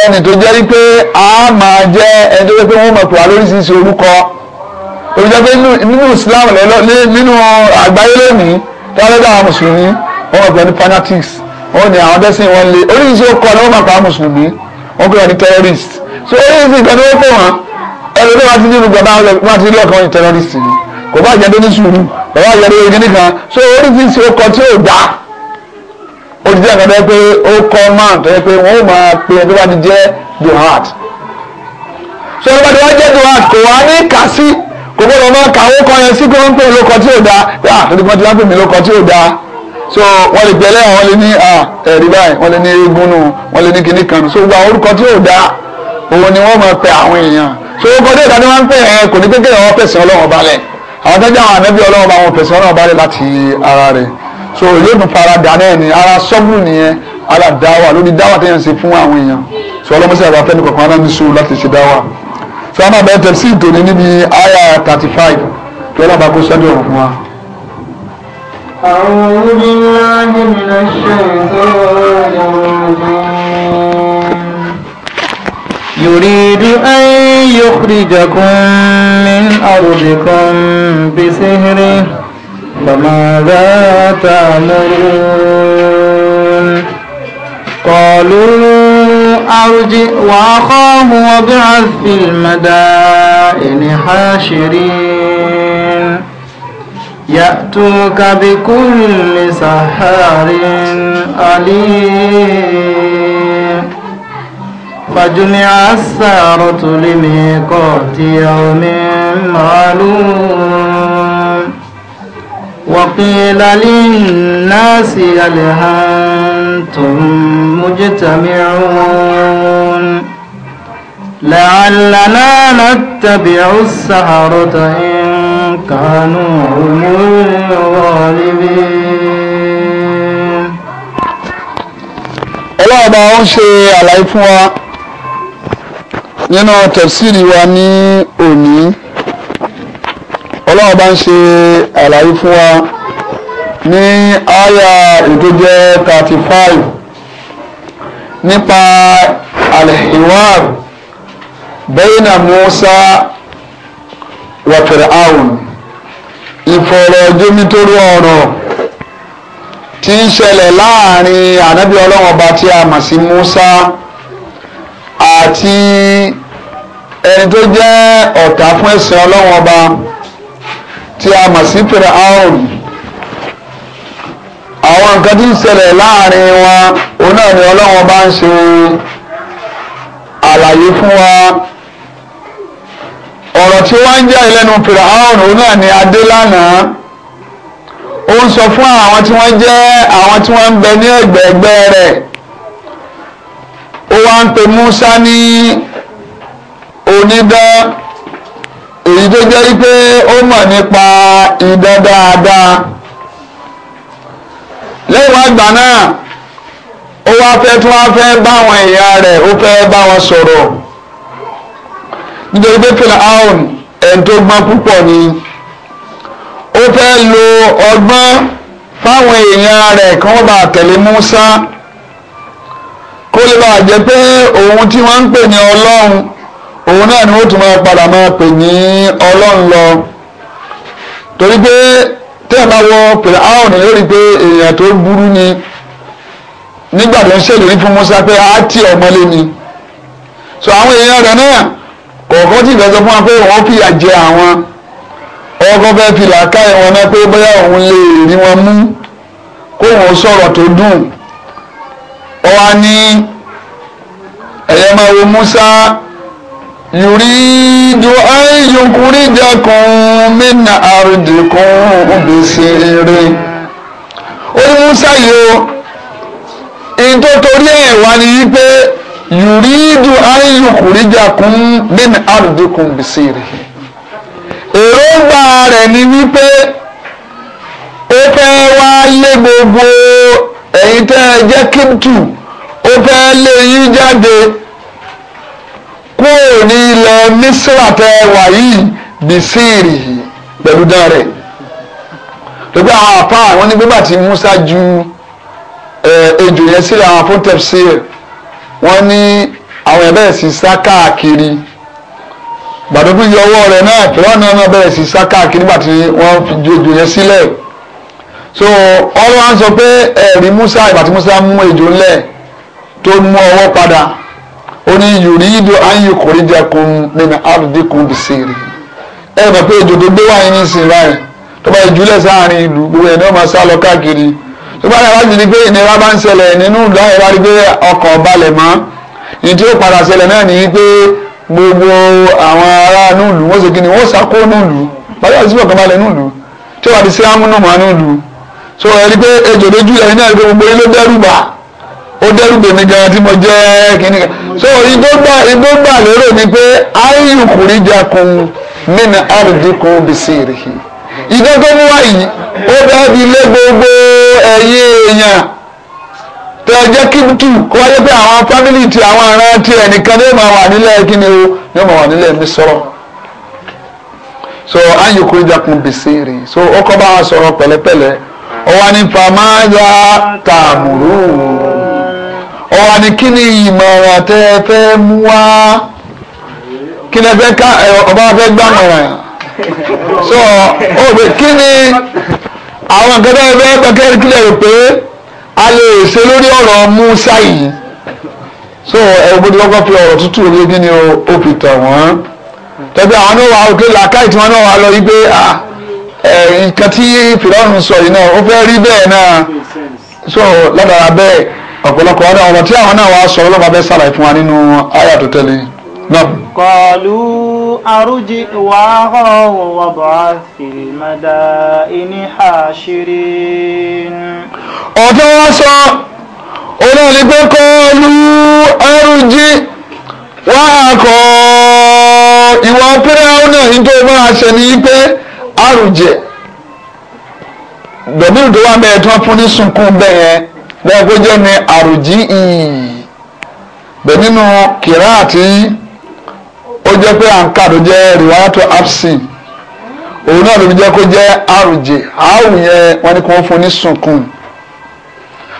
ẹnì tó jẹ́ wípé a máa jẹ́ ẹni tó jẹ́ pé wọ́n mọ̀ pé wà lóríṣiríṣi orúkọ òrìṣà pé nínú Islam lọ́lọ́ nínú àgbáyé lónìí tọ́lọ́dà àwọn mùsùlùmí wọ́n mọ̀ pé ní fanatics wọ́n ní àwọn dẹ́sìn wọn lé oríṣiríṣi orúkọ ni wọ́n mọ̀ pé àwọn mùsùlùmí wọ́n pè wọ́n ní terrorist so oríṣiríṣi ìgbà tó wọ́n pè wọ́n ẹ̀rọ tó wọ́n ti nínú gbọ̀dá wọn ti lọ́kàn wọn ní terrorist ni kò bá jẹ́ lórí sùúrù kò bá jẹ́ lórí kan so oríṣiríṣi ó kọ tí ó dá olùdíje kan tẹ́ pé ó kọ́ máa tẹ́ pé wọ́n ó máa pe ẹni tó bá ti jẹ́ duhat so ẹni bá ti wá jẹ́ duhat kò wá ní kà sí kò gbọ́dọ̀ máa kà ó kọ́ yẹn sí pé wọ́n ń pè lóko tí ó dá yà lórí kan tí wọ́n pè mí lóko tí ó dá so wọ́n lè gbẹ́lẹ́ àwọn lè ní ẹ̀rí báyìí wọ́n lè ní eégún nù wọ́n lè ní kíní kan so gba orúkọ tí ó dá òun ni wọ́n máa pe àwọn èèyàn so orúkọ tí ó dá ni wọ́n ń pè ẹ kò ní pé wọ́n fẹ̀sìn Ọlọ́run balẹ̀ àwọn tẹ́jà àwọn ànábì ọlọ́run bá wọn fẹ̀sẹ̀ ọlọ́run bá rẹ̀ láti ara rẹ̀ so yóò tún fara dà náà ni ara sọ́gùn nìyẹn ara dáwà lórí dáwà tẹ́yẹ̀ ń ṣe fún àwọn èèyàn so ọlọ́mọṣẹ́ àwọn afẹ́ni kọ̀ọ̀kan náà ní sùúrù láti ṣe dáwà so àwọn àbẹ̀ tẹ̀sí ìtòní níbi àyà thirty five kí ọlọ́ba kó sọ́dọ̀ ọ̀hún wa. أعوذ بالله من يريد أن يخرجكم من أرضكم بسهره فماذا تأمرون قالوا أرجئ وأخاه وابعث في المدائن حاشرين يأتوك بكل سحار عليم فجمع السارة لميقات يوم معلوم وقيل للناس هل أنتم مجتمعون لعلنا نتبع السحرة إن كانوا هم الغالبين ọlọ́ọ̀bá ó ń ṣe àlàyé fún wa nínú tẹ̀síìrì wa ní òní ọlọ́run bá ń ṣe àlàyé fún wa ní àyà ètò jẹ́ thirty nípa alhiwar bẹ́yìnà Musa wa Fir'aun ìfọ̀rọ̀jomitoro ọ̀rọ̀ tí ń ṣẹlẹ̀ láàrin ànábì ọlọ́run ọba tí a mọ̀ sí Musa àti ẹni tó jẹ́ ọ̀tá fún ẹ̀sìn ọlọ́run ọba tí a mọ̀ sí pẹ̀lú àrùn àwọn nǹkan tí ń ṣẹlẹ̀ láàrin wọn òun náà ni ọlọ́run ọba ń ṣe àlàyé fún wa ọ̀rọ̀ tí wọ́n ń jẹ́ ìlẹ́nu pẹ̀lú àrùn òun náà ni adé lánàá ó ń sọ fún àwọn tí wọ́n jẹ́ àwọn tí wọ́n ń bẹ ní ẹ̀gbẹ̀ẹ̀gbẹ́ rẹ̀ ó wá ń pe Musa ní onídán èyí tó jẹ́ wípé ó mọ̀ nípa idán dáadáa lẹ́yìn wá gbà náà ó wá fẹ́ tí wọ́n fẹ́ báwọn èèyàn rẹ̀ ó fẹ́ bá wọn sọ̀rọ̀ nítorí pé fìlà áhùn ẹni tó gbọ́n púpọ̀ ni ó fẹ́ lo ọgbọ́n fáwọn èèyàn rẹ̀ kí wọ́n bá tẹ̀lé Musa kó lè bàa jẹ́ pé òun tí wọ́n ń pè ní Ọlọ́run òun náà ni wọ́n tún máa padà máa pè ní ọlọ́run lọ torí pé tẹ́ẹ̀ bá wọ pèrè áwọn èèyàn lórí pé èèyàn tó burú ni nígbà tó ń ṣèlérí fún Musa pé á tì ọmọlé ni so àwọn èèyàn rẹ̀ náà kọ̀ọ̀kan tí ìfẹ́ sọ fún wa pé wọ́n fìyà jẹ àwọn ọkọ̀ fẹ́ fìlà káyọ̀ wọn náà pé bóyá òun lè rí wọn mú kó wọn sọ̀rọ̀ tó dùn ọ wá ní ẹ̀yẹ́ máa wo Musa yùrídù ayùkúríjàkùn mínà àrùdìkùn òbèsè eré ó ní musa yìí o in tó torí ẹ̀ wá ni wípé yùrídù ayùkúríjàkùn mínà àrùdìkùn òbèsè eré èròǹgbà rẹ̀ ni wípé ó fẹ́ wá lé gbogbo ẹ̀yin tẹ́ ẹ jẹ́ kíntù ó fẹ́ lé yín jáde kúrò ní ilẹ̀ mísírà tẹ wà yìí pẹ̀lú dán rẹ̀ lọ́gbà àwọn apá àwọn ní tí Musa ju ejò yẹn sílẹ̀ àwọn fúntẹ̀síẹ̀ wọ́n ní àwọn yẹn bẹ̀rẹ̀ sí sá káàkiri gbàdúgbò yọ ọwọ́ rẹ̀ náà fẹ́ràn náà náà bẹ̀rẹ̀ sí sá káàkiri nígbà tí wọ́n fi ju ejò yẹn sílẹ̀ so ọlọ́wà ń sọ pé ẹ̀rí Musa ìgbà tí Musa mú ejò ńlẹ̀ tó mú ọwọ́ padà ó ní yuridu ayukhrijakum min ardikum bisiri ẹ mọ̀ pé òjò tó gbé wáyé ní ìsìn báyìí tó bá ìjúlẹ̀ sáàrin ìlú gbogbo ẹ̀ ní wọ́n máa sá lọ káàkiri tó bá yàrá jìnnì pé ìnira bá ń ṣẹlẹ̀ nínú ìlú àyẹ̀wá rí pé ọkàn balẹ̀ mọ́ ní tí ó padà ṣẹlẹ̀ náà ní pé gbogbo àwọn ará núùlù wọ́n ṣe kí ni wọ́n sákó núùlù báyọ̀ sí ọ̀kan balẹ̀ núùlù tí ó wà ní sílámù náà mọ́ núùlù so ẹ̀rí pé ejò lójú ẹ̀yin náà gbogbo ilé dẹ́rù bà dẹ́rù bèmí gan tí mo jẹ́ kíní kan so igbógbà igbógbà lérò ni pé ayù kùrìjàkùn mínà àrùdínkùn bìsí rèé ìjọ tó mú wáyìí ó bẹ́ẹ̀ fi lé gbogbo ẹ̀yìn èèyàn tẹ jẹ́ kíntù kó wáyé pé àwọn fámìlì ti àwọn aràn ti ẹnìkan ní ma wà nílẹ̀ kíni o ní ma wà nílẹ̀ mi sọ̀rọ̀ so ayò kúrò jákun bèsè rè so ó kọ́ bá wa sọ̀rọ̀ pẹ̀lẹ́pẹ̀lẹ́ ó ní fama tààmùrù ọ̀wà ni kí ni ìmọ̀ràn tẹ́ ẹ fẹ́ mú wá kí lẹ fẹ́ ká ọba fẹ́ gbàmọ̀ràn so ó gbé kí ni àwọn nǹkan tẹ́ ẹ fẹ́ gbẹ́kẹ́ kí lẹ rò pé a lè ṣe lórí ọ̀rọ̀ Musa yìí so ẹ lọ́kọ́ fi ọ̀rọ̀ tútù orí kí ni ó fi tọ̀ wọ́n tẹ́bí àwọn náà wà òkè làákàyè tí wọ́n náà wà lọ yí pé nǹkan tí Fìlọ́ọ̀nù sọ yìí náà ó fẹ́ rí bẹ́ẹ̀ náà so lọ́dọ̀ abẹ́ẹ̀ ọ̀pọ̀lọpọ̀ ọ̀rọ̀ ọ̀rọ̀ tí àwọn náà wàá sọ ọlọ́ba bẹ́ẹ̀ sàlàyé fún wa nínú àyà tó tẹ̀lé náà. kọlu arújì wà hàn wà bọ̀ fi mada ìní àṣírí. ọ̀tọ́ wọn sọ olóòlì kọlu arújì wà kọ ìwà pẹ́rẹ́wọ́ náà nítorí wọn àṣẹ ni pé arújẹ dọ̀bí ìdòwà bẹ́ẹ̀ tí fún ní sunkún bẹ́ẹ̀ bẹ́ẹ̀ kó jẹ́ mi àròjí ìyìn bẹ́ẹ̀ nínú kìráàtì ó jẹ́ pé àǹkà ló jẹ́ rìwáyàtò absin òun náà ló fi jẹ́ kó jẹ́ àròjì àáwù yẹn wọ́n ní kí wọ́n fún ní sunkún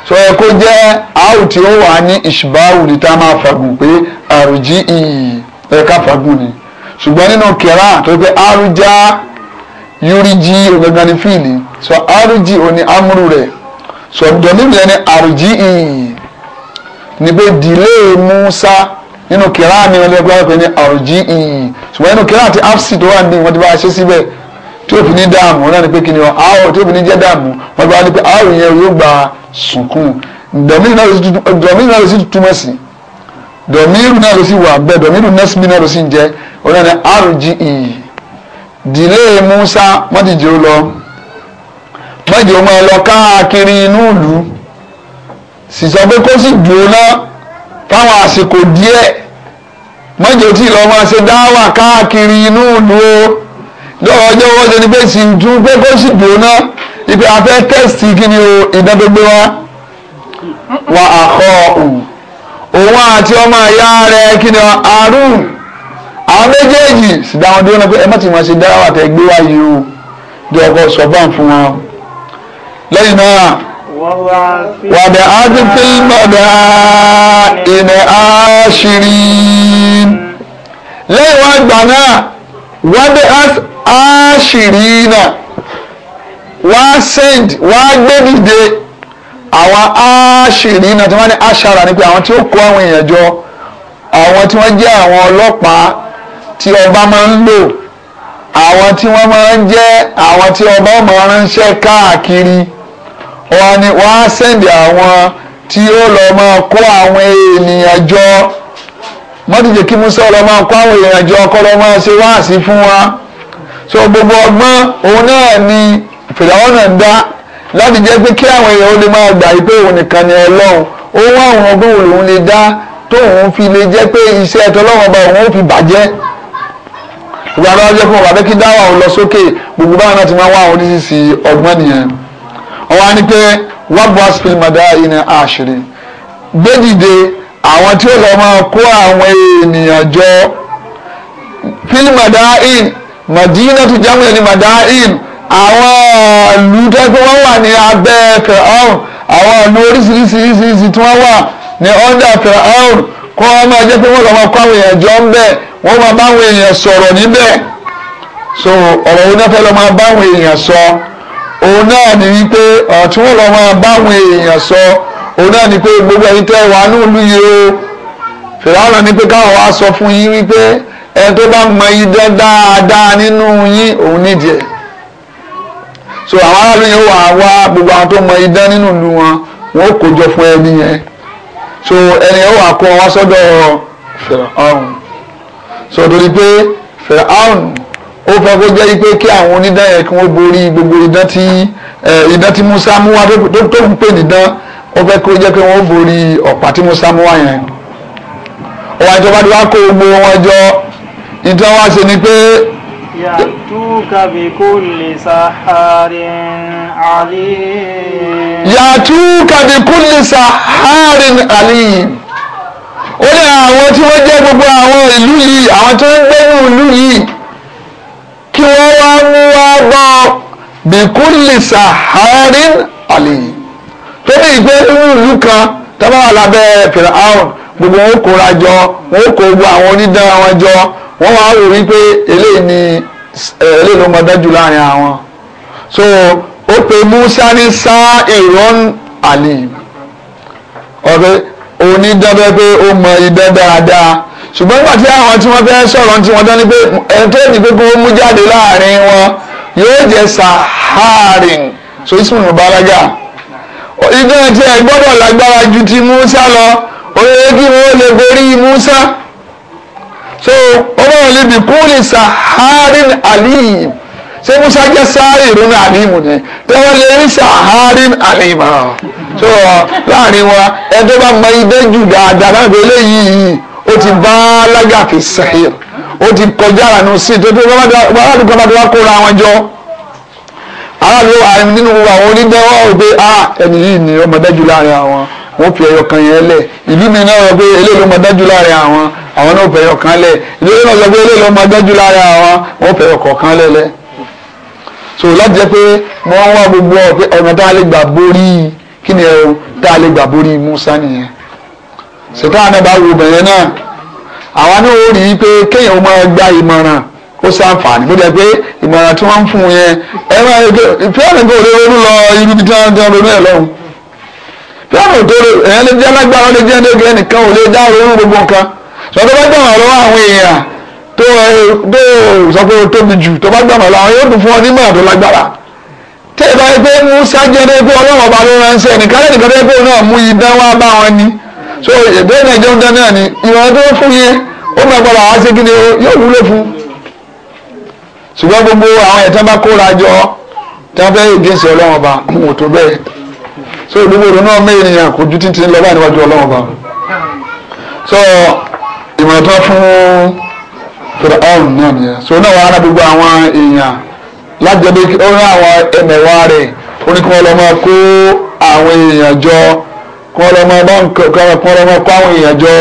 sọ yẹ kó jẹ́ àáwù tí ó wà ní ìṣùbáwù ní tá a máa fagùn pé àròjí ìyìn ẹ̀ka fagùn ni ṣùgbọ́n nínú kìrá tó pé àròjá yúríjì ògangan ní fíìlì sọ àròjì òní amúrú rẹ̀ so dọ̀míìmù yẹn ni àrùjí ìyìn níbi dìlé Musa nínú kìlá mi wọn lè gbọ́dọ̀ pé ní àrùjí ìyìn e. ṣùgbọ́n nínú kìlá àti afsi tó wà ní wọ́n ti bá a ṣe síbẹ̀ tí òfin ní dààmú wọn náà ni pé kí ni àwọ̀ tí òfin ní jẹ́ dààmú wọn bá ní pé àwọ̀ yẹn yóò gba sùnkún dọ̀míìmù náà ló sì túmọ̀ sí dọ̀míìmù náà ló sì wà bẹ́ẹ̀ dọ̀míìmù nẹ́sìmì náà ló sì ń jẹ́ wọn náà ni àrùjí ìyìn dìlé Musa wọ́n ti jẹ́ ó lọ mọ́jì ọmọ ẹ lọ káàkiri inú ìlú sì sọ pé kó sì dùn ná fáwọn àsìkò díẹ̀ mọ́jì ó ti lọ máa ṣe dáwà káàkiri inú ìlú o lọ́wọ́ ọjọ́ wọ́n ṣe ni pé sì dùn pé kó sì dùn ibi afẹ́ tẹ́sítì kí o ìdán tó gbé wá wa àkọ́ òun àti ọmọ ìyá rẹ̀ kí ni àrùn àwọn méjèèjì sì dáwọn dúró náà pé ẹ má ti máa ṣe dáwà tẹ gbé wá yìí o jọ ọkọ sọ fún wọn lẹ́yìn náà wàdà ádùfíìmọ̀dà ìnẹ̀ àṣírí lẹ́yìn wá gbà náà wàdà àṣírí náà wá send wá gbé dìde àwọn àṣírí náà tí wọ́n ní àṣàrà ni pé àwọn tí ó kó àwọn èèyàn jọ àwọn tí wọ́n jẹ́ àwọn ọlọ́pàá tí ọba máa ń lò àwọn tí wọ́n máa ń jẹ́ àwọn tí ọba máa ń ránṣẹ́ káàkiri wọ́n ní wọ́n á sẹ́ndì àwọn tí ó lọ máa kó àwọn ènìyàn jọ mọ́tìjì kí musa lọ máa kó àwọn èèyàn jọ kọ́ lọ máa ṣe wáàsí fún wa so gbogbo ọgbọ́n òun náà ni fìdáwọ́n náà ń dá láti jẹ́ pé kí àwọn èèyàn ó lè máa gbà yí pé òun nìkan ni ọlọ́run ó wá àwọn ọgbọ́n òun lòun lè dá tóun fi lè jẹ́ pé iṣẹ́ ẹ̀tọ́ ọba òun ó fi bàjẹ́ ìgbà tó wá jẹ́ fún ọba pé kí dáwà òun lọ sókè gbogbo báwọn náà ti máa wá àwọn oríṣiríṣi ọgbọ́n nìyẹn wọ́n wá ní pé wabas fil madaini àṣírí gbẹ́dìde àwọn tí ó lọ máa kó àwọn ènìyàn jọ fil madain madina tó jáwé ní madain àwọn ìlú tó pé wọ́n wà ní abẹ́ fẹ̀hán àwọn ìlú oríṣiríṣiríṣi tí wọ́n wà ní under fẹ̀hán kó wọ́n máa jẹ́ pé wọ́n lọ máa kó àwọn èèyàn jọ ń bẹ̀ wọ́n máa báwọn èèyàn sọ̀rọ̀ níbẹ̀ so ọ̀rọ̀ onífẹ́ lọ máa báwọn èèyàn sọ. So, òun náà ní wípé ọ̀tí wọ́n lọ máa báwọn èèyàn sọ òun náà ní pé gbogbo ẹ̀yin tẹ́ wà ní ìlú yìí o fìlànà ní pé káwọn wá sọ fún yín wípé ẹni tó bá mọ idán dáadáa nínú yín òun nídìí ẹ̀ so àwọn aráàlú yẹn wà wá gbogbo àwọn tó mọ idán nínú ìlú wọn wọn ò kójọ fún ẹni yẹn so ẹni yẹn wà kó wọn sọ́dọ̀ fìlànà so torí pé fìlànà ó fẹ́ kó jẹ́ pé kí àwọn onídán yẹn kí wọ́n borí gbogbo idán tí idán tí Musa mú wá tó tó ń pè nídán ó fẹ́ kó jẹ́ pé wọ́n borí ọ̀pá tí Musa mú wá yẹn ọ̀wá ìjọba tí wàá kó gbogbo wọn jọ ìtàn wá ṣe ni pé. yàtúkà bí kò lè sàárín àlíyìn. yàtúkà bí kò lè sàárín àlíyìn ó ní àwọn tí wọ́n jẹ́ gbogbo àwọn ìlú yìí àwọn tó ń gbẹ́nu ìlú yìí kí wọ́n wá mú wá bá ọ bìkúlì sàhárín àlè tó ní ìgbé irú ìlú kan tábà wà lábẹ́ fìràhàn gbogbo wọn kó ra jọ wọn kó gbogbo àwọn onídán wọn jọ wọn wá wò wípé eléyìí ni eléyìí ló mọ dájú láàrin àwọn so ó pe Musa ní sá ìrọ́n àlè ọ̀rẹ́ onídán bẹ́ẹ̀ pé ó mọ idán dáadáa ṣùgbọ́n nígbà tí àwọn tí wọ́n fẹ́ sọ̀rọ̀ tí wọ́n tán ni pé ẹni tó ní pé kó mú jáde láàrin wọn yóò jẹ́ saharin so ismail mubalaga ìjọ tí ẹ gbọ́dọ̀ lágbára ju ti Musa lọ oyè kí wọ́n lè borí Musa so ọmọ wọn lè bí kúlì saharin alim ṣé Musa jẹ́ saharin ní alim ni tẹ́wọ́n lè rí saharin alim so láàrin wa ẹ tó bá mọ idé jù dáadáa láti eléyìí ó ti bá lága fi sahir ó ti kọjá àánú sí i tó tó bàbá tó bá kóra wọn jọ aráàlú àìmí nínú àwọn onídẹ́wọ́ ò pé a ah, ẹni yìí ni ọmọ dájú láàrin àwọn wọn fi ẹyọ kan yẹn lẹ ìlú mi náà sọ pé eléyìí ló mọ dájú láàrin àwọn àwọn náà fẹyọ kan lẹ ìlú náà sọ pé eléyìí ló láàrin àwọn wọn fẹyọ kọ̀ọ̀kan lẹ́lẹ́ so láti jẹ́ pé wọ́n wá gbogbo ọ̀nà tá a lè gbà borí kí ni ẹ o tá a lè gbà borí Musa nìyẹn ṣètàn náà bá wo obìnrin náà àwọn náà ó rí i pé kéèyàn ó máa gba ìmọ̀ràn ó ṣàǹfààní bó jẹ́ pé ìmọ̀ràn tí wọ́n ń fún yẹn ẹ máa fíọ́nù kò lè ronú lọ irú ibi tí wọ́n ti ronú ẹ̀ lọ́hùn fíọ́nù tó lè èèyàn lè jẹ́ alágbára lè jẹ́ ẹ̀dẹ́gbẹ́ ẹnìkan ò lè dá ronú gbogbo nǹkan sọ́dọ̀ bá gbàmọ̀ lọ́wọ́ àwọn èèyàn tó sọ pé ó tóbi jù tó bá gbàmọ̀ lọ́wọ́ yóò dùn fún ọ so ìbéèrè ìjọ ń dán náà ni ìwọ̀n tó fún yẹn ó máa gbọ́dọ̀ àwọn ṣe kíni yóò wúlò fún ṣùgbọ́n gbogbo àwọn ẹ̀tàn bá kóra jọ tí wọ́n fẹ́ against ọlọ́run ọba bẹ́ẹ̀ so gbogbo òdo náà mé ènìyàn kò ju títí lọ báyìí níwájú ọlọ́run ọba so ìmọ̀ràn tó fún fìràhàn náà nìyẹn so náà wàá rà gbogbo àwọn èèyàn lájọ bí ó rán àwọn ẹmẹ̀wá rẹ̀ ó ní kó àwọn èèyàn jọ kọ́ lọ́mọ bá ń kọ́ lọ́mọ kọ́ àwọn èèyàn jọ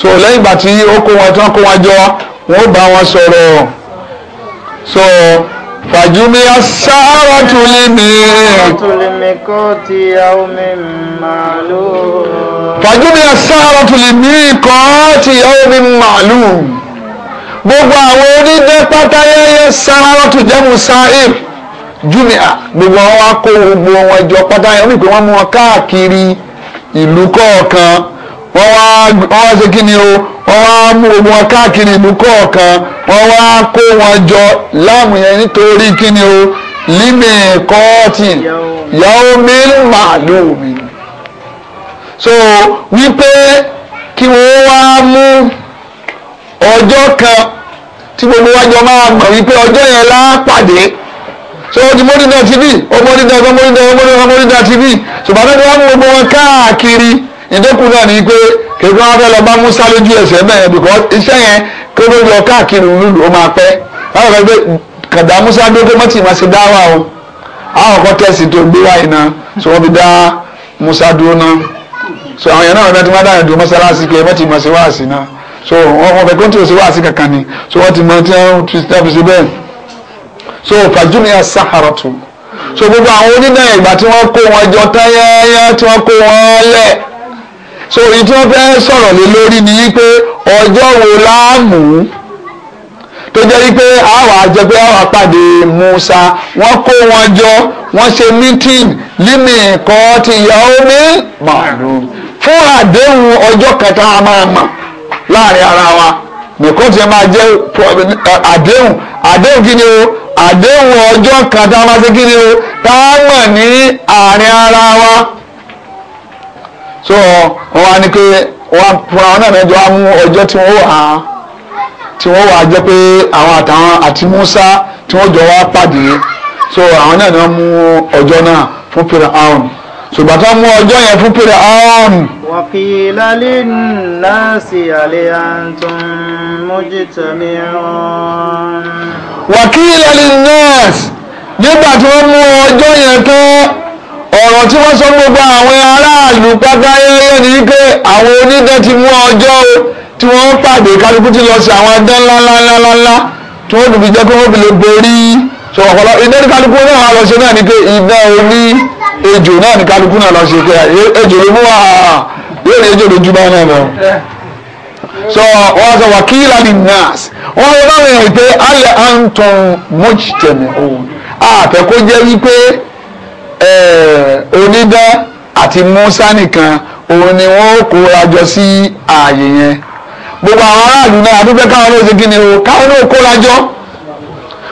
so lẹ́yìn ìgbà tí ó kó wọn tán kó wọn jọ wọ́n bá wọn sọ̀rọ̀ so fàjúmí asáárọ̀ tó mi. fàjúmí asáárọ̀ tó mi kọ́ ti yawmi ma'lum gbogbo àwọn onídẹ́ pátáyẹyẹ sáárọ̀ tó jẹ́ musaib júmíà gbogbo wọn wá kó gbogbo wọn jọ pátáyẹ wọn ní pé wọn mú wọn káàkiri ìlú kọ̀ọ̀kan wọ́n wá ṣe kí ni o wọ́n wá mú gbogbo wọn káàkiri ìlú kọ̀ọ̀kan wọ́n wá kó wọn jọ láàmù yẹn nítorí kí ni o límẹ̀ kọ́ọ̀tìn yàwó mi màlúù mi. so wípé kí wọ́n wá mú ọjọ́ kan tí gbogbo wa jọ máa mọ̀ wípé ọjọ́ yẹn lápàdé so o ti mórí náà ti bí o mórí náà o mórí náà o mórí náà o mórí náà ti bí ṣùgbọ́n tó wọ́n mú gbogbo wọn káàkiri ìdókù náà ni pé kékeré wọn fẹ́ lọ bá Musa lójú ẹsẹ̀ bẹ́ẹ̀ bìkọ́ iṣẹ́ yẹn kó ló lọ káàkiri lulu ó máa pẹ́ báwo fẹ́ gbé kàdá Musa gbé pé mọ́tì máa ṣe dá wà o àwọn ọkọ tẹ̀sí tó gbé wáyé náà so wọ́n fi dá Musa dúró náà so àwọn yẹn náà wọ́n ti máa dáhùn dúró mọ́sálásí pé mọ́tì máa ṣe wáàsí náà so wọ́n fẹ́ kó ń tòṣe wáàsí kankan ni so wọ́n ti mọ tí wọ́n fi ṣe bẹ́ẹ̀ so fàjúmíà sàhàràtù so gbogbo àwọn onídàá ìgbà tí wọ́n kó wọn jọ táyáyá tí wọ́n kó wọn lẹ̀ so èyí tí wọ́n fẹ́ sọ̀rọ̀ lé lórí ni wípé ọjọ́ wo láàmú tó jẹ́ wípé àwọn àjẹpẹ́ àwọn àpàdé Musa wọ́n kó wọn jọ wọ́n ṣe meeting límì kan ti yàwó ní màlúù fún àdéhùn ọjọ́ kẹta a máa mọ̀ láàrin ara wa nìkan ti máa jẹ́ àdéhùn àdéhùn kí ni o àdéhùn ọjọ́ kan tá a máa ṣe kí ni o tá a mọ̀ ní àárín ara wa so wọn wá ní pé wọn fúnra wọn náà mẹ́jọ á mú ọjọ́ tí wọ́n wà tí wọ́n wà jẹ́ pé àwọn àtàwọn àti Musa tí wọ́n jọ wá pàdé so àwọn náà ni wọ́n mú ọjọ́ náà fún Firaun ṣùgbọ́n tó mú ọjọ́ yẹn fún pèrè ọ́ọ̀nù. wàkìlá lè nà sí àlè àǹtọ̀n mójútó mìíràn wàkílà lè nọ́ọ̀sì nígbà tí wọ́n mú ọjọ́ yẹn tán ọ̀rọ̀ tí wọ́n sọ gbogbo àwọn aráàlú pátá yẹ́yẹ́ ní pé àwọn onídẹ́ ti mú ọjọ́ o tí wọ́n pàdé kálukú ti lọ sí àwọn ẹdán ńláńláńláńlá tí wọ́n dùbí jẹ́ pé wọ́n fi lè borí sọ ọ̀pọ̀lọ iná ní kálukú náà wà lọ ṣe náà ni pé iná oní ejò náà ní kálukú náà lọ pé ejò ló mú wa yóò ní ejò lójú bá náà so wọn sọ wàkìlá ni nurse wọn lọ bá wọn yẹn pé alẹ́ à ń tan mọ́jìtẹ̀mẹ̀ òun àfẹ́kọ́ jẹ́ wípé eh, onídá àti Musa nìkan òun ni wọn ó kóra jọ sí ààyè yẹn gbogbo àwọn aráàlú náà àdúgbò káwọn náà ṣe kíni o káwọn náà kóra jọ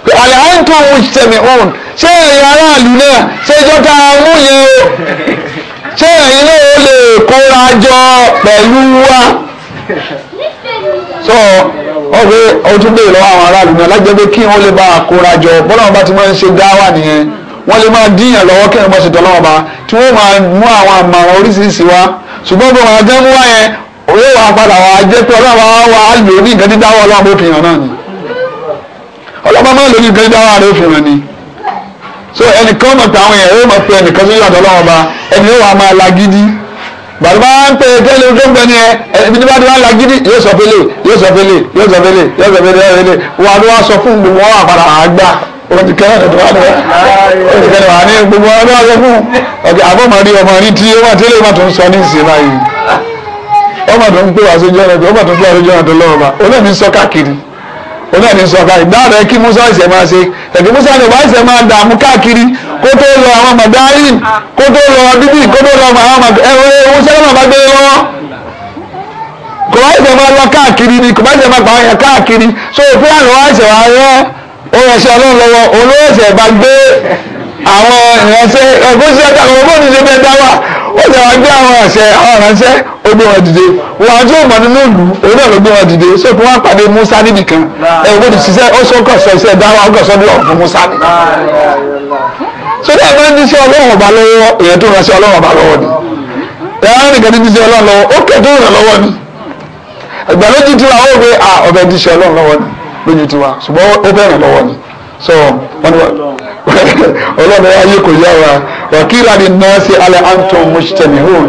pé alẹ́ à ń tan mọ́jìtẹ̀mẹ̀ òun ṣé ẹ̀yin aráàlú náà ṣé ìjọba mú yẹn o ṣé ẹ̀yin náà ó lè kóra jọ pẹ̀lú wa so wọ́n gbé ojú bèèrè lọ́wọ́ àwọn aráàlú náà lájẹ́gbé kí wọ́n lè bá àkóra jọ bọ́lá wọn bá ti máa ń ṣe dáwà nìyẹn wọ́n lè máa díyàn lọ́wọ́ kí wọ́n ṣètò ọlọ́wọ́ bá tí wọ́n máa mú àwọn àmàràn oríṣiríṣi wá ṣùgbọ́n bí wọ́n á gán wá yẹn owó wa padà wá jẹ́ pé ọlọ́wọ́ wa á lò ní nǹkan dídáwọ́ ọlọ́wọ́ fi hàn náà ni ọlọ́wọ́ máa lò ní nǹkan dídáwọ́ rẹ̀ fi hàn ni so ẹnìkan mọ̀ pé àwọn èèyàn yóò mọ̀ pé ẹnìkan tó yàtọ̀ ọlọ́wọ́ bá ẹni yóò wá máa lagídí gbàdúrà ń pè é kẹ́lẹ́ ojú ń bẹ ní ẹ ẹbí tí bá ti wá la gidi yóò sọ fẹlẹ yóò sọ fẹlẹ yóò sọ fẹlẹ yóò sọ fẹlẹ yóò fẹlẹ wà ló wá sọ fún gbogbo wọn àpàrà àgbà olùkẹ́rẹ́ ẹ̀dùn wà ní olùkẹ́rẹ́ wà ní gbogbo wọn ló wá sọ fún ọ̀gá àbọ̀mọ̀rí ọmọ ní tí wọ́n tẹ́lẹ̀ wọ́n tó ń sọ ní ìsìn báyìí ọmọ tó ń pè wá sójú ọ̀nà tó ń pè wá sójú ọ̀nà tó lọ́wọ́ onáà ní sọ̀ka ìdáàrọ̀ ẹ kí musa ẹsẹ̀ máa ṣe tẹ̀kí musa ní wàá ẹsẹ̀ máa dààmú káàkiri kó tó lọ àwọn madarin kó tó lọ bíbí kó tó lọ àwọn ẹ̀rọ musa náà bá gbé e lọ́wọ́ kò wáá ẹsẹ̀ máa lọ káàkiri ni kò wáá ẹsẹ̀ máa pààyàn káàkiri so òfin àná wáá ẹsẹ̀ wáá rẹ́ ohun ẹ̀ṣẹ̀ ọlọ́run lọ́wọ́ olóòṣẹ̀ bá gbé àwọn ìránṣẹ́ ẹ̀kọ́ sí ẹ̀ka ọ̀rọ̀ bóun ti ṣe bẹ́ẹ̀ dá wà ó lè wá gbé àwọn àṣẹ àwọn aránṣẹ́ ó gbé wọn dìde wọn àti òmò nínú ìlú òun náà ló gbé wọn dìde so kí wọn pàdé Musa níbì kan ẹ gbọ́dọ̀ ṣiṣẹ́ ó sọ kọsọ iṣẹ́ dáwà ó kọsọ lọ́rùn fún Musa ni. so ní ẹgbẹ́ ní iṣẹ́ ọlọ́run ọba lọ́wọ́ èèyàn tó ránṣẹ́ ọlọ́run ọba lọ́wọ́ ni ẹ̀rọ nìkan níbi iṣẹ́ ọlọ́run lọ́wọ́ ó kẹ̀ tó ràn lọ́wọ́ ni ìgbàlódé tiwa ó gbé ọbẹ̀ díṣẹ́ ọlọ́run lọ́wọ́ ni lójú tiwa ṣùgbọ́n ó bẹ̀rẹ̀ lọ́wọ́ ni so wọn ọlọ́run ayé kò yá wa wàkìlá ni nọ́ọ̀sì alẹ́ anton mujtami hon.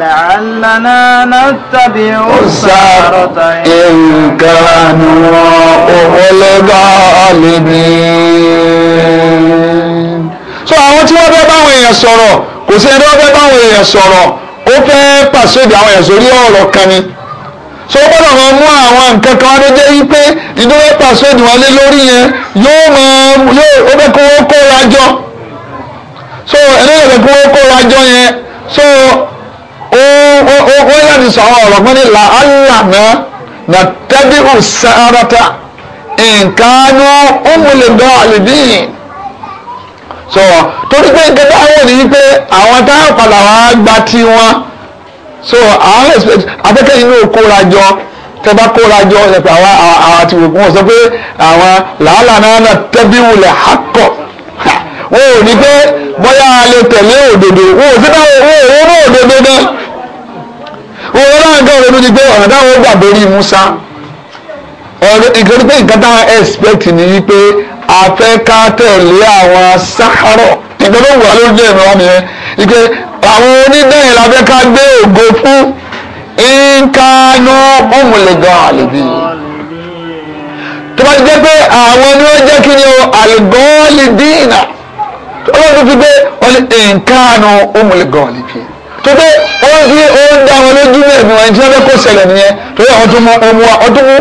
لعلنا نتبع السارة إن كانوا هم الغالبين. so àwọn tí wọ́n fẹ́ báwọn èèyàn sọ̀rọ̀ kò sí ẹni tí wọ́n fẹ́ báwọn èèyàn sọ̀rọ̀ ó fẹ́ pàṣẹ ìdí àwọn èèyàn sórí ọ̀rọ̀ kan ni so ó gbọ́dọ̀ máa mú àwọn nǹkan kan wá jẹ́ wípé ìdúró pàṣẹdù wọn lé lórí yẹn yóò máa yóò ó fẹ́ kó kóra jọ so ẹlẹ́yìn fẹ́ kó kóra jọ yẹn so ó ó ó ó láti sọ àwọn ọ̀rọ̀ pé ní làálà náà nà tẹ́bí ò sáárátà nǹkan ní ó mú lè gbọ́ àlèbí yìí so torí pé nǹkan táwọn ò ní wípé àwọn táwọn padà wá gba tiwọn so àwọn expect afẹ́kẹ́ inú kóra jọ tẹ bá kóra jọ ẹ pé àwọn àwọn àti wò wọn sọ pé àwọn làálàá náà náà tẹ́bí wulẹ̀ akọ wọn ò ní pé bóyá a lè tẹ̀lé òdodo wọn ò síta wọn ò rọ òdodo náà wọn ò rọ nǹkan òdodo ni pé ọ̀nà táwọn gbà borí Musa ọ̀rọ̀ ìkànnì pé nǹkan táwọn expect ni wípé afẹ́ ká tẹ̀lé àwọn sáhárọ̀ ìgbẹ́ ló wà lórí ẹ̀rọ wọn nìyẹn wípé àwọn oníbẹ̀rẹ̀ la fẹ́ ká gbé ògo fún nkanu ọmọlẹ́gàn àlèbí tó bá jẹ́ pé àwọn ni wọ́n jẹ́ kí ni o àlùgọ́ọ̀lì dínà ọlọ́run fi gbé wọ́n ní nkanu ọmọlẹ́gàn àlèbí tó pé wọ́n fi ohun dá wọn lójú ní ẹ̀mí wọn ìjọba kò ṣẹlẹ̀ nìyẹn tó yẹ ọdún mú ọmọ ọdún mú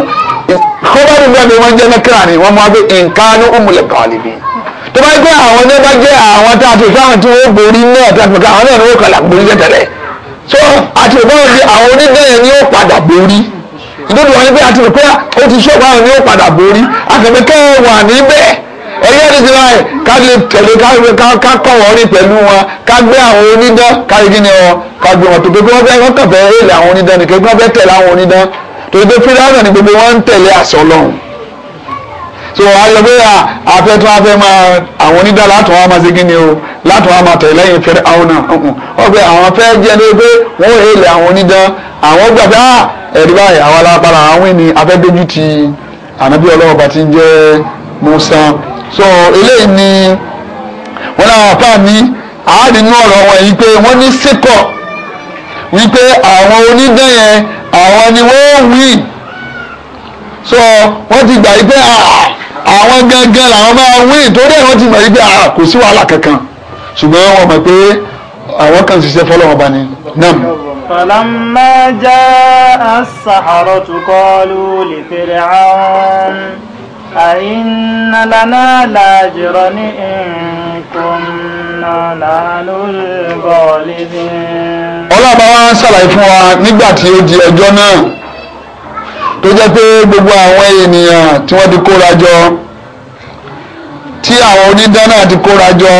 kọ́bárù bẹ́ẹ̀ ni wọ́n jẹ́ mẹ́kìrà ni wọ́n mú wá nkanu ọmọlẹ́gàn àlèbí tó bá gbé àwọn tó bá jẹ́ àwọn tá a ti fáwọn tí wọ́n borí náà tá a ti fọ àwọn náà ni wọ́n kàlà borí jẹ́ tẹ́lẹ̀ so àti ìbáwọn ti àwọn onídẹ́yẹ ni ó padà borí ìdúró wọn ni pé àti ìpẹ́ ó ti ṣọ́ọ̀bù àwọn ni ó padà borí àtẹ̀mẹ́kẹ́ wà níbẹ̀ ẹ̀yẹ́ ti ti láyè ká lè tẹ̀lé ká kọ̀ wọ́n rí pẹ̀lú wọn ká gbé àwọn onídán káyé kí ni wọn ká gbé wọn tó pé kí wọ́n fẹ́ wọ́n kàn fẹ́ èlé àwọn onídán nìkan kí wọ́n fẹ́ tẹ̀lé àwọn onídán tó pé fúláwọ̀ ni gbogbo wọn ń tẹ̀lé àṣọ lọ́hùn so alọ́gbé afẹ́ tó afẹ́ máa àwọn onídàá látọ̀ wá máa ṣe kí ni o látọ̀ wá máa tẹ̀ lẹ́yìn fẹ́rẹ́ àwọn náà ọgbẹ́ àwọn fẹ́ jẹ́ ní pé wọ́n èlé àwọn onídàá àwọn gbà pé ah, ẹ̀rí báyìí àwọn alábàárà àwọn ènìyàn afẹ́ dojú ti ànábì ọlọ́wọ́ bá ti jẹ́ Musa so eléyìí ni wọ́n náà wà fáà àádínú ọ̀rọ̀ wọn yìí pé wọ́n ní síkọ̀ wípé àwọn onídàá yẹn àwọn ni wọ́n wí so wọ́n ti gbà yìí pé àà. Ah, àwọn gangan làwọn máa wí torí àwọn ti mọ̀ yí pé ah, kò sí wàhálà kankan ṣùgbọ́n wọ́n mọ̀ pé àwọn kan ṣiṣẹ́ fọlọ́wọ́n bá ní. فلما جاء السحرة قالوا لفرعون أئن لنا لاجرا إن كنا نحن الغالبين. ọlọ́ọ̀bá wa ń ṣàlàyé fún wa nígbà tí ó di ọjọ́ náà tó jẹ́ pé gbogbo àwọn ènìyàn tí wọ́n ti kóra jọ tí àwọn onídán náà ti kóra jọ